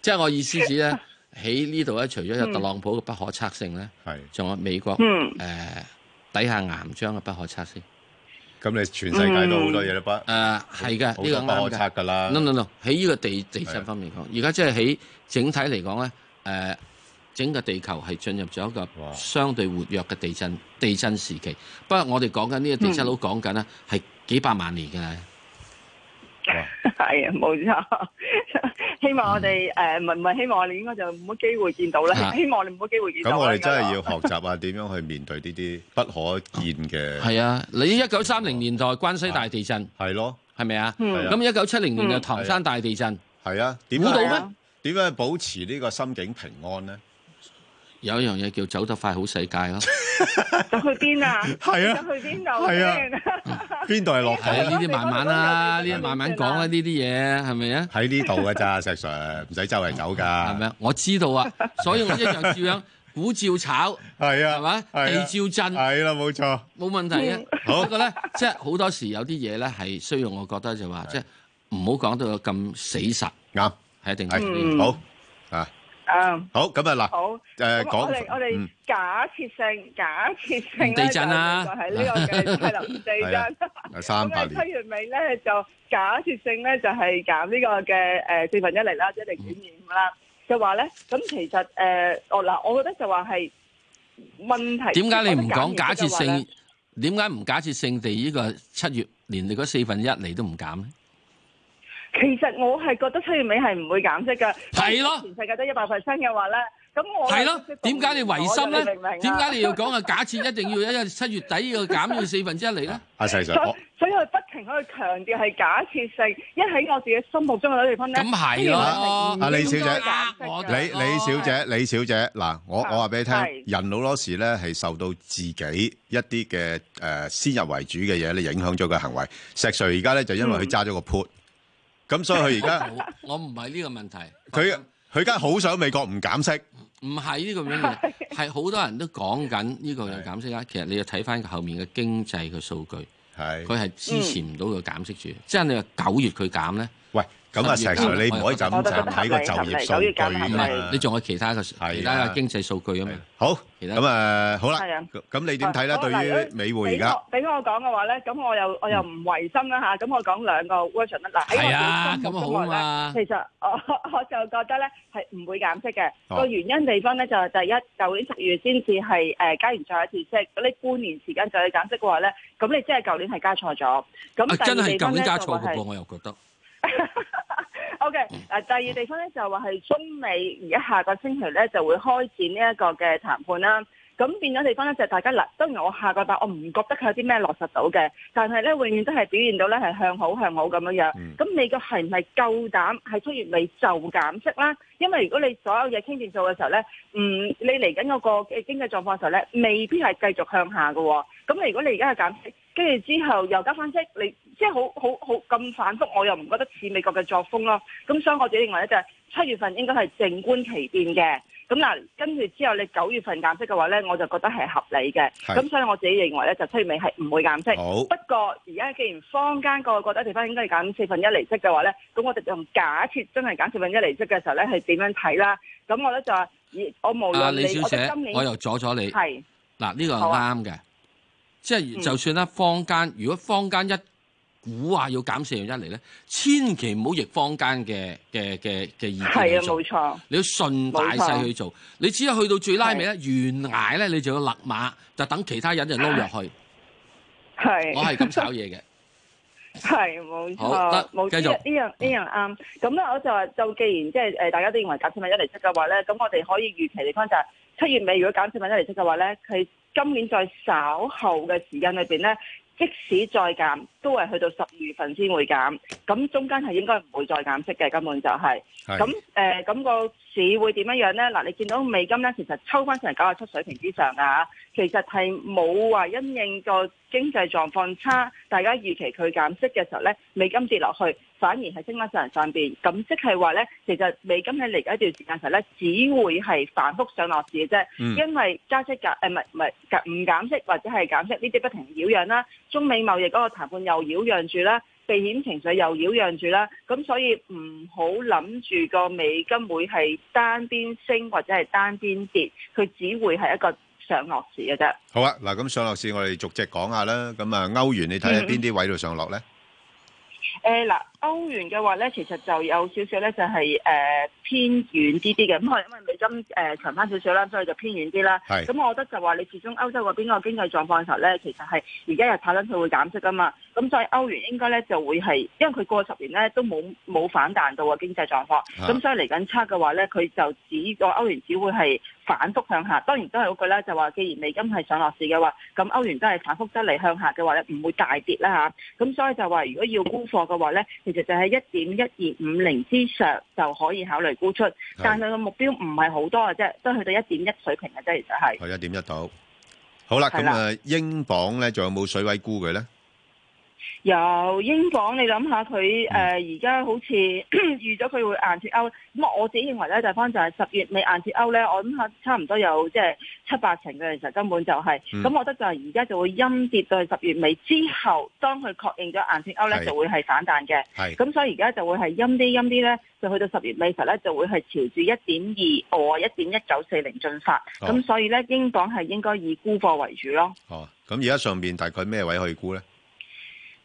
即係我意思指咧，喺呢度咧，除咗有特朗普嘅不可測性咧，係仲有美國誒底下岩漿嘅不可測性。咁你全世界都好多嘢都
崩，誒係嘅，呢、呃、個啱嘅。好不可測㗎啦！No no
no，喺呢個地地震方面講，而家即係喺整體嚟講咧，誒、呃、整個地球係進入咗一個相對活躍嘅地震哇地震時期。不過我哋講緊呢個地震佬講緊咧，係幾百萬年嘅。係
啊、嗯，冇錯哇。 希望我哋，誒，唔係唔係希望你應該就冇機會見到咧。希望你冇機會見到。咁
我哋真係要學習啊，點樣去面對呢啲不可見嘅？係啊，你一九三零年代關西大地震係咯，係咪啊？咁一九七零年嘅唐山大地震係啊，點估到咩？點樣保持呢個心境平安咧？有一樣嘢叫走得快好世界咯，
去邊啊？係啊，去邊度啊？
邊度係落台？呢啲慢慢啦，呢啲慢慢講啦，呢啲嘢係咪啊？喺呢度嘅咋，石 Sir，唔使周圍走㗎。係咪啊？我知道啊，所以我一樣
照樣股照炒，係啊，係咪？地照
震，係啦，冇錯，冇問題啊。不過咧，
即係好多時有啲嘢咧係需要，我覺得就話即係唔好講到咁死實，
啱係一定
係好
啊。嗯，好，咁啊，嗱，
好，我哋我哋假設性，假設性，地震啦，係呢個嘅七月
份地震，咁啊，七
月尾咧就假設性咧就係減呢個嘅誒四分一嚟啦，即係零點二五啦，就話咧，咁其實誒，我嗱，我覺得就話係問題，點解你唔講假設性？
點解唔假設性地呢個七月連你嗰四分一嚟都唔減咧？
其實我係覺得七月尾係唔會減息噶，係咯，全世界都一百 percent 嘅話咧，咁
我係咯，點解你違心咧？點解你要講啊？假設一定要一七月底要減去四分之一嚟咧？
阿石 Sir，所所以，
佢
不停喺度強調係
假設性，一喺我自己心目中嘅地方咧，咁係
咯，阿李小姐，李李小姐，
李小姐，嗱，我我話俾你聽，人好多時咧係受到自己一啲嘅誒先入為主嘅嘢咧影響咗個行為。石 Sir 而家咧就因為佢揸咗個 put。咁所以佢而家
我唔係呢個問題，
佢佢而家好想美國唔減息，
唔係呢個樣嘢，係好 多人都講緊呢個減息啦。的其實你要睇返後面嘅經濟嘅數據，佢係的支持唔到佢減息住。即係你話九月佢減咧，喂。咁啊，成日你唔可以就咁就睇個就業數據咁啊。你仲有其他嘅其他嘅經濟數據啊？咩好？
咁啊，好啦。咁你點睇咧？對於美匯而
家？俾我講嘅話咧，咁我又我又唔違心啦嚇。咁我講兩個 version 啦。嗱，係啊，咁好啊嘛。其實我我就覺得咧係唔會減息嘅。個原因地方咧就係第一，舊年十月先至係誒加完再一次息，嗰啲半年時間就去減息嘅話咧，咁你即係舊年係加錯咗。咁第二地方咧就係。O K，嗱，第二地方咧就話，係中美而家下個星期咧就會開展呢一個嘅談判啦。咁變咗地方咧就大家嗱，當然我下個禮拜我唔覺得佢有啲咩落實到嘅，但係咧永遠都係表現到咧係向好向好咁樣樣。咁你個係唔係夠膽？係雖然未就減息啦，因為如果你所有嘢傾掂數嘅時候咧，嗯，你嚟緊嗰個嘅經濟狀況嘅時候咧，未必係繼續向下噶。咁你如果你而家係減息。跟住之後又加翻息，你即係好好好咁反覆，我又唔覺得似美國嘅作風咯。咁所以我自己認為咧，就係七月份應該係靜觀其變嘅。咁嗱，跟住之後你九月份減息嘅話咧，我就覺得係合理嘅。咁所以我自己認為咧，就七月尾係唔會減息。好。不過而家既然坊間個個覺得地方應該係減四分一利息嘅話咧，咁我哋用假設真係減四分一利息嘅時候咧，係點樣睇啦？咁我咧就話，我無論你啊李小姐，我又阻
咗你。係。嗱，呢個係啱嘅。即係就算啦，坊間、嗯、如果坊間一估話要減四分一厘咧，千祈唔好逆坊間嘅嘅嘅嘅意見做。係啊，冇錯，你要順大勢去做。錯你只要去到最拉尾咧，的懸崖咧，你就要勒馬，就等其他人就撈入去。
係的，我係咁炒嘢嘅。是的 係冇錯，冇錯，呢樣呢樣啱。咁咧，我就話就既然即係誒，大家都認為減四分一厘息嘅話咧，咁我哋可以預期地方就係、是、七月尾，如果減四分一厘息嘅話咧，佢今年再稍後嘅時間裏邊咧，即使再減，都係去到十二月份先會減。咁中間係應該唔會再減息嘅，根本就係、是。咁誒是，咁、嗯呃那個市會點樣樣咧？嗱、呃，你見到美金咧，其實抽翻成九廿七水平之上啊。其實係冇話因應個經濟狀況差，大家預期佢減息嘅時候咧，美金跌落去，反而係升翻上上邊。咁即係話咧，其實美金喺嚟緊一段時間時候咧，只會係反覆上落市嘅啫。因為加息減誒，唔係唔係唔減息或者係減息呢啲不停擾攘啦。中美貿易嗰個談判又擾攘住啦，避險情緒又擾攘住啦，咁所以唔好諗住個美金會係單邊升或者係單邊跌，佢只會係一個。上落市嘅
啫，好啊，嗱，咁上落市我哋逐隻講下、嗯欸、啦，咁啊，歐元你睇下邊啲位度上落咧？
誒，嗱。歐元嘅話咧，其實就有少少咧，就係誒偏遠啲啲嘅，咁係因為美金誒長翻少少啦，所以就偏遠啲啦。咁是我覺得就話你始終歐洲嗰邊個經濟狀況嘅時候咧，其實係而家又睇緊佢會減息噶嘛，咁所以歐元應該咧就會係，因為佢過十年咧都冇冇反彈到個經濟狀況，咁所以嚟緊測嘅話咧，佢就指個歐元只會係反覆向下。當然都係嗰句啦，就話既然美金係上落市嘅話，咁歐元都係反覆得嚟向下嘅話咧，唔會大跌啦嚇。咁所以就話如果要沽貨嘅話咧。其實就係一點一二五零之上就可以考慮沽出，但係佢嘅目標唔係好多嘅啫，都去到一點一水平嘅啫，其實係。
係一點一度，好啦，咁啊，英鎊咧，仲有冇水位沽佢咧？
由英鎊，你諗下佢誒，而家、嗯呃、好似預咗佢會硬脫歐，咁我自己認為咧就係翻就係十月尾硬脫歐咧，out，我諗下，差唔多有即係、就是、七八成嘅，其實根本就係、是。咁、嗯、我覺得就係而家就會陰跌到去十月尾之後，當佢確認咗硬脫歐咧，out，是就會係反彈嘅。係咁是，所以而家就會係陰啲陰啲咧，就去到十月尾時咧，就會係朝住一點二或一點一九四零進發。咁、哦、所以咧，英鎊係應該以沽貨為主咯。哦，
咁而家上邊大概咩位可以沽咧？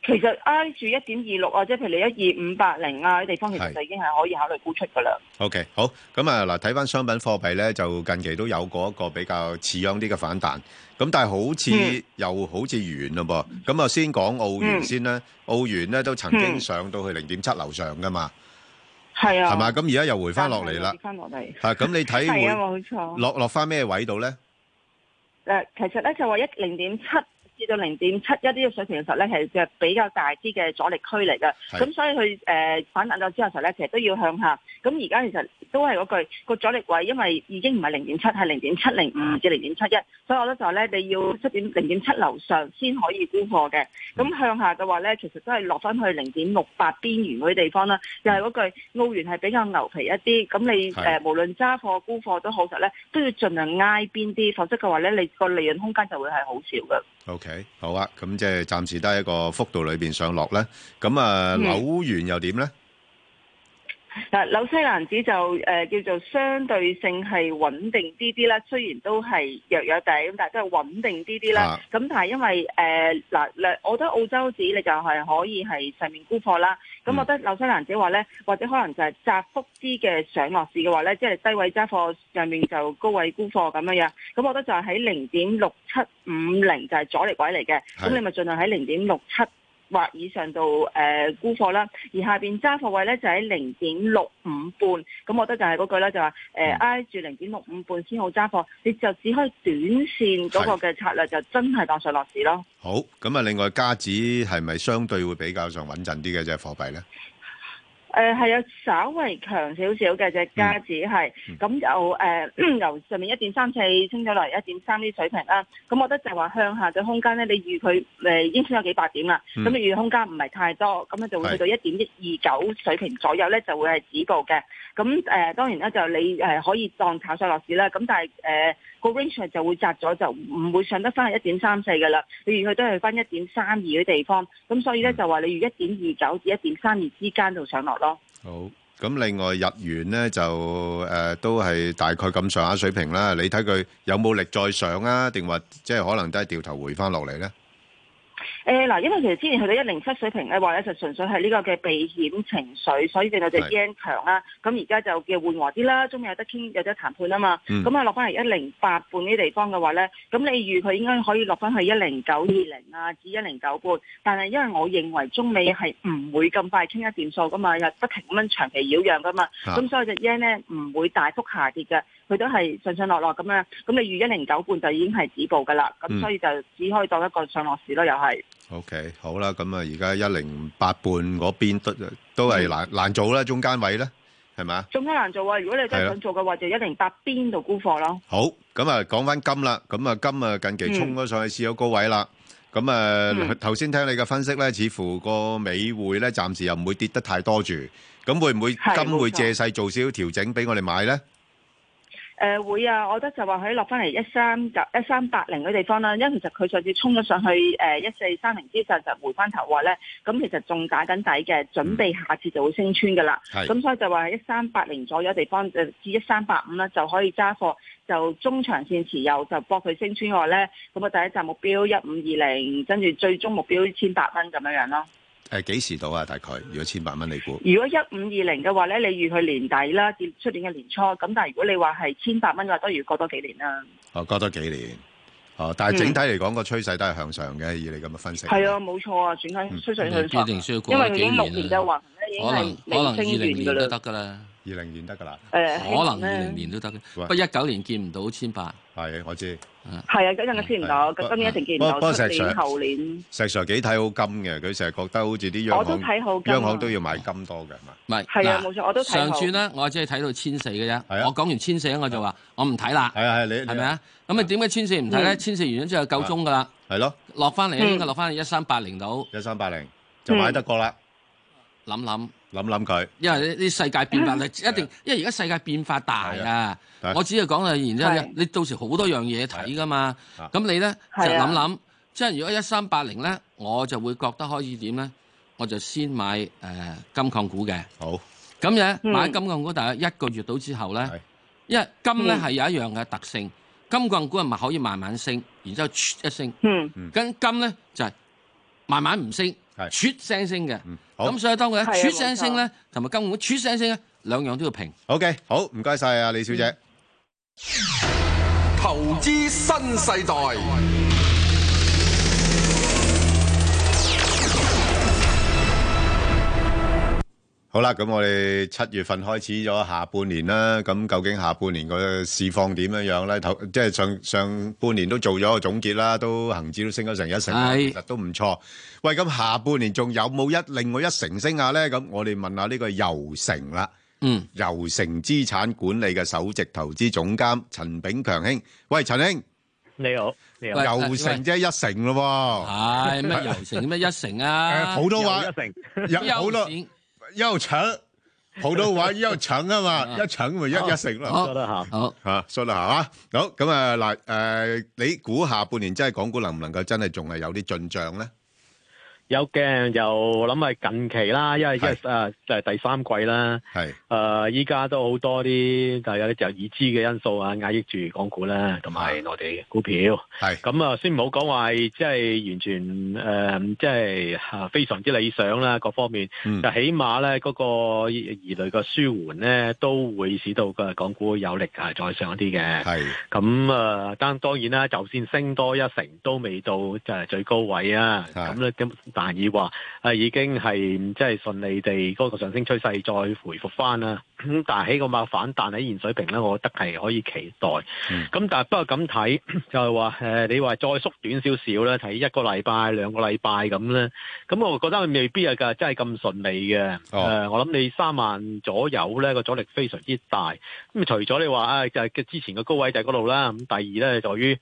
其實挨住一點二六啊，即係譬如你一二五八零啊啲地方，其實就已
經係可以考慮沽出噶啦。OK，好咁啊，嗱睇翻商品貨幣咧，就近期都有過一個比較似樣啲嘅反彈。咁但係好似又好似完嘞噃。咁啊、嗯，那先講澳元先啦，嗯、澳元咧都曾經上到去零點七樓上噶嘛。
係啊。係嘛？咁而家又回翻落嚟啦。翻落嚟。係咁，你睇會落、啊、落翻咩位
度咧？誒，其實咧就話一零點七。
至到零點七一啲嘅水平嘅時候咧，係嘅比較大啲嘅阻力區嚟嘅，咁的所以佢誒、呃、反彈咗之後嘅時候咧，其實都要向下。咁而家其實都係嗰句個阻力位，因為已經唔係零點七，係零點七零五至零點七一，所以我覺得就係咧，你要七點零點七樓上先可以沽貨嘅。咁向下嘅話咧，其實都係落翻去零點六八邊緣嗰啲地方啦。又係嗰句澳元係比較牛皮一啲，咁你誒的、呃、無論揸貨沽貨都好實咧，都要盡量挨邊啲，否則嘅話咧，你個利潤空間就會係好少嘅。
OK, 好啊，咁即係暫時得一個幅度裏面上落咧，咁啊紐元又點咧？
嗱紐西蘭紙就誒、呃、叫做相對性係穩定啲啲啦，雖然都係弱弱地咁，但都係穩定啲啲啦。咁、啊、但係因為誒嗱、呃呃，我覺得澳洲紙你就係可以係上面沽貨啦。咁、嗯、我覺得紐西蘭紙話咧，或者可能就係窄幅啲嘅上落市嘅話咧，即、就、係、是、低位揸貨上面就高位沽貨咁樣樣，咁我覺得就喺零點六七五零就係阻力位嚟嘅。咁是你咪盡量喺零點六七。或以上度誒、呃、沽貨啦，而下邊揸貨位咧就喺零點六五半，咁我覺得就係嗰句啦，就話誒挨住零點六五半先好揸貨，你就只可以短線嗰個嘅策略就真係當上落市咯。
好，咁啊，另外加指係咪相對會比較上穩陣啲嘅即係貨幣咧？
誒係啊，呃、係有稍為強少少嘅隻加紙係，咁就誒由上面一點三四清咗落嚟一點三啲水平啦。咁我覺得就話向下嘅空間咧，你預佢、呃、已經清咗幾百點啦。咁你預嘅空間唔係太多，咁咧就會去到一點一二九水平左右咧，就會係止步嘅。咁誒、呃、當然啦，就你誒、呃、可以當炒上落市啦。咁但係誒、呃這個 range 就會窄咗，就唔會上得翻去一點三四嘅啦。你預佢都係去翻一點三二嘅地方，咁所以咧就話你預一點二九至一點三二之間就上落啦。
好，咁另外日元呢就誒、呃、都係大概咁上下水平啦。你睇佢有冇力再上啊？定話即係可能都係掉頭回翻落嚟呢？
誒嗱、欸，因為其實之前去到一零七水平咧，話咧就純粹係呢個嘅避險情緒，所以有是就有隻 yen 強啦。咁而家就叫緩和啲啦，中美有得傾，有得談判啊嘛。咁啊落翻嚟一零八半呢地方嘅話咧，咁你預佢應該可以落翻去一零九二零啊，至一零九半。但係因為我認為中美係唔會咁快傾一掂數噶嘛，又不停咁樣長期擾攘噶嘛，咁、啊、所以隻 yen 咧唔會大幅下跌嘅，佢都係上上落落咁樣。咁你預一零九半就已經係止步噶啦，咁、嗯、所以就只可以當一個上落市咯，又係。
O K，好啦，咁啊，而家一零八半嗰邊都都係難難做啦，中間位咧，係咪？中間難做
啊！如果你真係想做嘅話，就一零八邊度沽貨咯。
好，咁啊，講翻金啦，咁啊，金啊，近期衝咗上去試有高位啦。咁啊，頭先聽你嘅分析咧，似乎個美匯咧，暫時又唔會跌得太多住。咁會唔會金會借勢做少少調整俾我哋買咧？
誒、呃，會啊！我覺得就話喺落翻嚟一三九一三八零嘅地方啦，因為其實佢上次衝咗上去誒一四三零之上就回翻頭話咧，咁其實仲打緊底嘅，準備下次就會升穿噶啦。咁是所以就話一三八零左右地方至一三八五啦就可以揸貨，就中長線持有就搏佢升穿外咧，咁啊第一站目標一五二零，跟住最終目標千八蚊咁樣樣咯。
誒，幾、呃、時到啊？大概如果千八蚊你估？
如果一五二零嘅話咧，你預去年底啦，出年嘅年初。咁但係如果你話係千八蚊嘅話，都要過多幾年啦、
啊。哦，過多幾年？哦，但係整體嚟講個趨勢都係向上嘅，以你咁嘅分析。係、嗯、啊，冇
錯啊，整體趨勢向上。必定需要因為已經六年，年都橫，已經可能二零年都得
噶啦。二零年得噶啦，可能二零年都得嘅，不過一九年見唔到千八，係我知，
係啊，今年見唔到，今年一定見唔到，不
過石 Sir，石 Sir 幾睇好金嘅，佢成日覺得好似啲央行央行都要買金多嘅，係嘛？唔係，係啊，冇錯，我都上次啦，
我只係睇到千四嘅啫，我講完千四我就話我唔睇啦，係啊係你，係咪啊？咁啊點解千四唔睇咧？千四完咗之後夠鐘噶啦，係咯，落翻嚟應該落翻一三八零到，一三八零就買得過啦，諗諗。諗諗佢，因為呢世界變化係一定，因為而家世界變化大啊！我只係講啦，然之後你到時好多樣嘢睇噶嘛。咁你咧就諗諗，即係如果一三八零咧，我就會覺得可以點咧，我就先買誒金礦股嘅。好，咁樣買金礦股，大概一個月到之後咧，因為金咧係有一樣嘅特性，金礦股係咪可以慢慢升，然之後一升，跟金咧就係慢慢唔升。係撮聲升嘅，咁所以當佢一撮聲升咧，同埋金融撮聲升咧，兩樣都要
平。O、okay, K，好，唔該晒啊，李小姐。嗯、投
資新世代。
好啦，咁我哋七月份開始咗下半年啦，咁究竟下半年個市況點樣樣咧？即係上上半年都做咗個總結啦，都恆指都升咗成一成，其實都唔錯。喂，咁下半年仲有冇一另外一成升下咧？咁我哋問下呢個遊成啦，嗯，遊成資產管理嘅首席投資總監陳炳強兄。喂，陳兄
你好，你好，遊成即
係一成咯喎，係咩遊成咩一成啊？誒，普通話一成有好多。又層，普通話又層啊嘛， 一層咪一好一成咯好。好，得下好吓，說啦好咁啊誒，你估下半年真係港股能唔能夠真係仲係有啲進賬呢？有
驚又諗係近期啦，因為即係誒就係第三季啦。係誒依家都好多啲，但係有啲就係已知嘅因素啊，壓抑住港股啦，同埋內地股票。係咁啊，先唔好講話係即係完全誒，即係嚇非常之理想啦。各方面就起碼咧，嗰個疑慮嘅舒緩咧，都會使到個港股有力係再上一啲嘅。係咁啊，但當然啦，就算升多一成都未到就係最高位啊。咁咧咁。但以話誒已經係即係順利地嗰個上升趨勢再回復翻啦，咁 但係起碼反彈喺現水平咧，我覺得係可以期待。咁、嗯、但係不過咁睇就係、是、話、呃、你話再縮短少少咧，睇一個禮拜兩個禮拜咁咧，咁我覺得佢未必係真係咁順利嘅。誒、哦呃，我諗你三萬左右咧，個阻力非常之大。咁除咗你話啊，就是、之前嘅高位就嗰度啦。咁第二咧，在於誒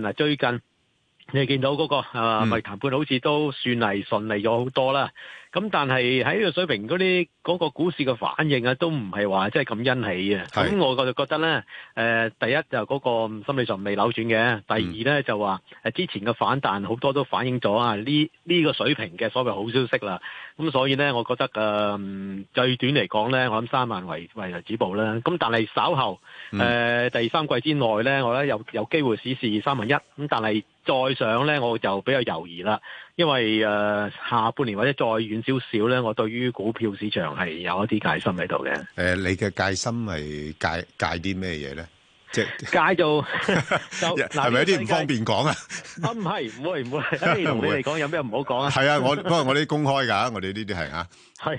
嗱、呃、最近。你見到嗰個誒，咪談判好似都算係順利咗好多啦。咁但係喺呢個水平嗰啲嗰個股市嘅反應啊，都唔係話即係咁欣喜嘅。咁是我就覺得呢，誒、呃、第一就嗰個心理上未扭轉嘅。第二呢，嗯、就話之前嘅反彈好多都反映咗啊呢呢個水平嘅所謂好消息啦。咁所以呢，我覺得誒、呃、最短嚟講呢，我諗三萬為為止步啦。咁但係稍後誒、嗯呃、第三季之內呢，我呢有有機會試試三萬一。咁但係再上呢，我就比較猶豫啦。因為、呃、下
半年或者再遠少少呢，我對於股票市場係有一啲戒心喺度嘅。呃、你嘅戒心係戒戒啲咩嘢呢？街係介做，係咪有啲唔方便講啊？
啊，唔係，唔會，唔會，你嚟講有咩唔好講啊？係啊，我，不過我呢啲
公開噶，我哋呢啲係啊。係，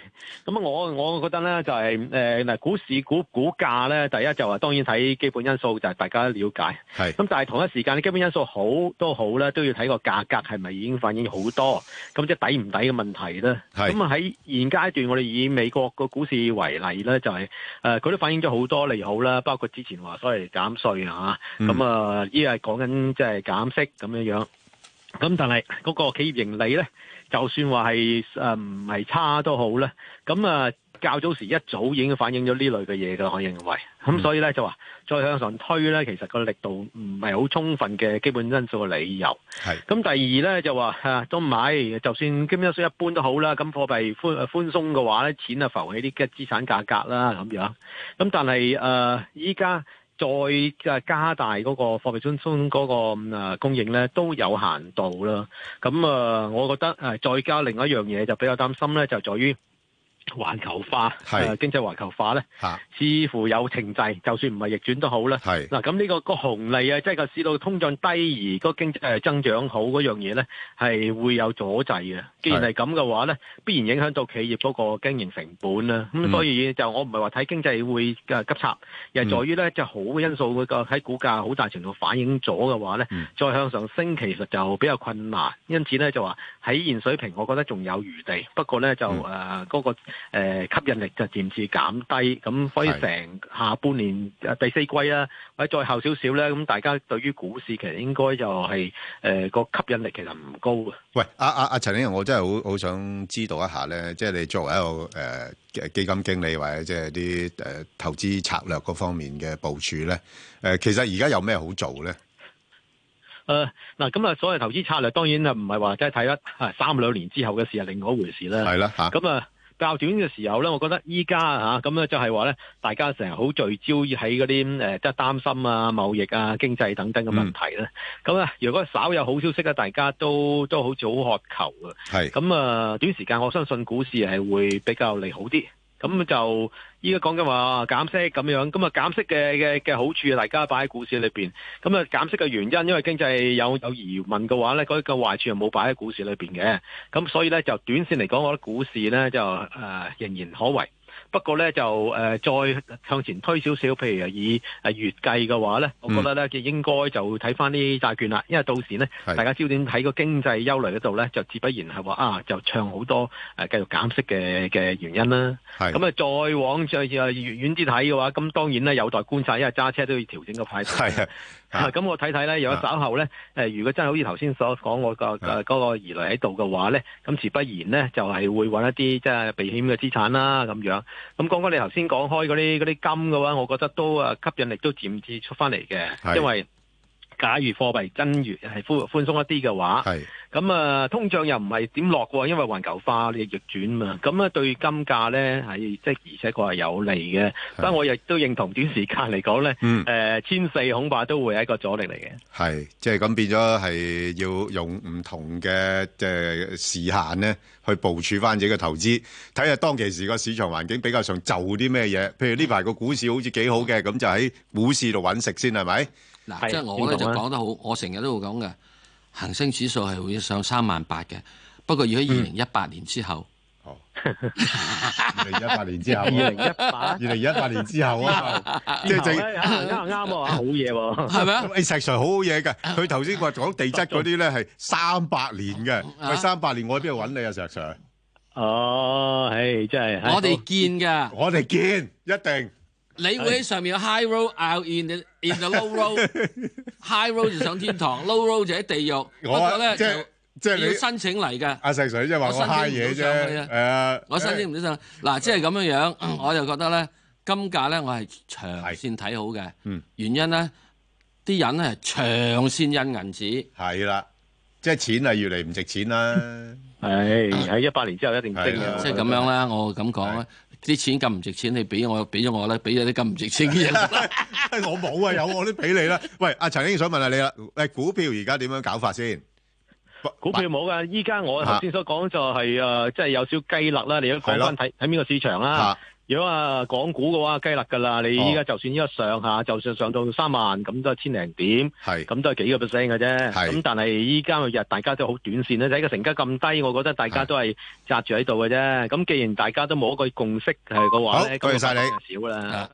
咁啊，我我覺得咧就係誒嗱，股
市股股價咧，第一就話、是，當然睇基本因素，就係大家了解。係是，咁但係同一時間，你基本因素好都好咧，都要睇個價格係咪已經反映好多，咁即係抵唔抵嘅問題咧。咁啊喺現階段，我哋以美國個股市為例咧，就係、是、誒，佢、呃、都反映咗好多利好啦，包括之前話所謂。減稅啊，咁啊依係講緊即係減息咁樣樣，咁、嗯嗯、但係嗰個企業盈利咧，就算話係誒唔係差都好啦。咁啊、呃、較早時一早已經反映咗呢類嘅嘢噶，我認為，咁所以咧、嗯、就話再向上推咧，其實個力度唔係好充分嘅基本因素嘅理由。係是，咁、嗯、第二咧就話、啊、都唔係，就算基本因素一般都好啦，咁貨幣寬寬鬆嘅話咧，錢啊浮起啲資產價格啦咁樣，咁但係誒依家。呃再加大嗰個貨幣中心嗰個誒供應咧，都有限度啦。咁啊，我覺得誒再加另一樣嘢就比較擔心咧，就在於。環球化係、啊、經濟環球化咧，似乎有停滯，就算唔係逆轉都好啦。嗱是，咁呢、呢個個紅利啊，即係個市道通脹低而個經濟增長好嗰樣嘢咧，係會有阻滯嘅。既然係咁嘅話咧，必然影響到企業嗰個經營成本啦、啊。咁、嗯、所以就我唔係話睇經濟會嘅急插，而係在於咧，就好嘅因素個喺股價好大程度反映咗嘅話咧，嗯、再向上升其實就比較困難。因此咧就話喺現水平，我覺得仲有餘地。不過咧就誒嗰、嗯呃嗰個。誒、呃，吸引力就漸次減低，咁所以成下半年是第四季啦，或者再後少少咧，咁大家對於股市其實應該就係誒個吸引力其實唔高
嘅。喂，阿阿阿陳生我真係好好想知道一下咧，即、就、係、是、你作為一個誒、呃、基金經理，或者即係啲誒投資策略嗰方面嘅部署咧，誒、呃，其實而家有咩好做咧？
誒、呃，嗱，咁啊，所謂投資策略，當然啊，唔係話即係睇咗三兩年之後嘅事，係另外一回事啦。係啦，吓，咁啊。較短嘅時候咧，我覺得依家嚇咁咧就係話咧，大家成日好聚焦喺嗰啲誒，即係擔心啊、貿易啊、經濟等等嘅問題咧。咁咧、嗯，如果稍有好消息咧，大家都都好似好渴求嘅。咁是啊，短時間我相信股市係會比較利好啲。咁就依家講緊話減、啊、息咁樣，咁啊減息嘅嘅嘅好處，大家擺喺股市裏邊。咁啊減息嘅原因，因為經濟有有疑問嘅話咧，嗰、那個壞處又冇擺喺股市裏邊嘅。咁、嗯、所以咧，就短綫嚟講，我覺得股市咧就誒、啊、仍然可為。不過咧就誒、呃、再向前推少少，譬如以誒、啊、月計嘅話咧，我覺得咧就、嗯、應該就睇翻啲債券啦，因為到時呢，是大家焦點喺個經濟憂慮嗰度咧，就自不然係話啊就唱好多誒、啊、繼續減息嘅嘅原因啦。咁是啊，再往再遠遠啲睇嘅話，咁當然咧有待觀察，因為揸車都要調整個派息。咁、啊啊啊、我睇睇咧，如果稍後咧、啊、如果真係好似頭先所講我嗰個疑慮喺度嘅話咧，咁自不然咧就係、是、會搵一啲即係避險嘅資產啦咁樣。咁鄺哥，嗯、講講你頭先講開嗰啲嗰啲金嘅話，我覺得都啊吸引力都漸至出翻嚟嘅，是因為。假如貨幣真如係寬寬鬆一啲嘅話，咁啊通脹又唔係點落嘅，因為環球化嘅逆轉嘛。咁咧對金價咧係即係而且確係有利嘅。但係我亦都認同短時間嚟講咧，誒千四恐怕都會係一個阻力嚟嘅。
係
即係咁變咗係要用唔同嘅即係時限咧去部署返自己嘅投資，睇下當其時個市場環境比較上就啲咩嘢。譬如呢排個股市好似幾好嘅，咁就喺股市度搵食先係咪？
嗱，即係我咧就講
得好，我成日都會講嘅，恆生指數係會上三萬八嘅。不過要喺二零一八年之後，
二零一八年之後，二零一八二零一八年
之後啊，
即係正啱啱好嘢喎，係咪啊？石 Sir 好好嘢㗎，佢頭先話講地質嗰啲咧係三百年嘅，係三百年，我喺邊度揾你啊，石 Sir？哦，唉，真係我哋見㗎，我哋見一定。
你會喺上面有 high road out in the in the low road，high road 就上天堂，low road 就喺地獄。不過咧要申請嚟㗎。阿
石 Sir，即係話我 high
嘢啫。誒，我申請唔得啦。嗱，即係咁嘅樣，我就覺得咧，金價咧我係長線睇好嘅。嗯。原因咧，啲人係長線印銀紙。係啦，即係錢係越嚟唔值錢啦。係喺一八年之後一定升。即係咁樣啦，我咁講啲錢咁唔值錢，你俾我俾咗我啦，俾
咗啲咁唔值錢嘅嘢，我冇啊，有我都俾你啦。喂，阿陳英想問下你啦，誒，股票而家點樣搞法先？股票冇
噶，依家，我頭先所講就係、是、誒，即係、啊、有少少雞肋啦。你去講翻睇睇邊個市場啦。啊 如果啊港股嘅話，雞肋㗎啦！你依家就算依家上下，就算上到三萬，咁都係千零點，咁是都係幾個 percent 嘅啫。咁是但係依家日大家都好短線咧，喺個是成交咁低，我覺得大家都係
揸住喺度嘅啫。咁既然大家都冇一個共識嘅話咧，多謝晒好呢你少啦。啊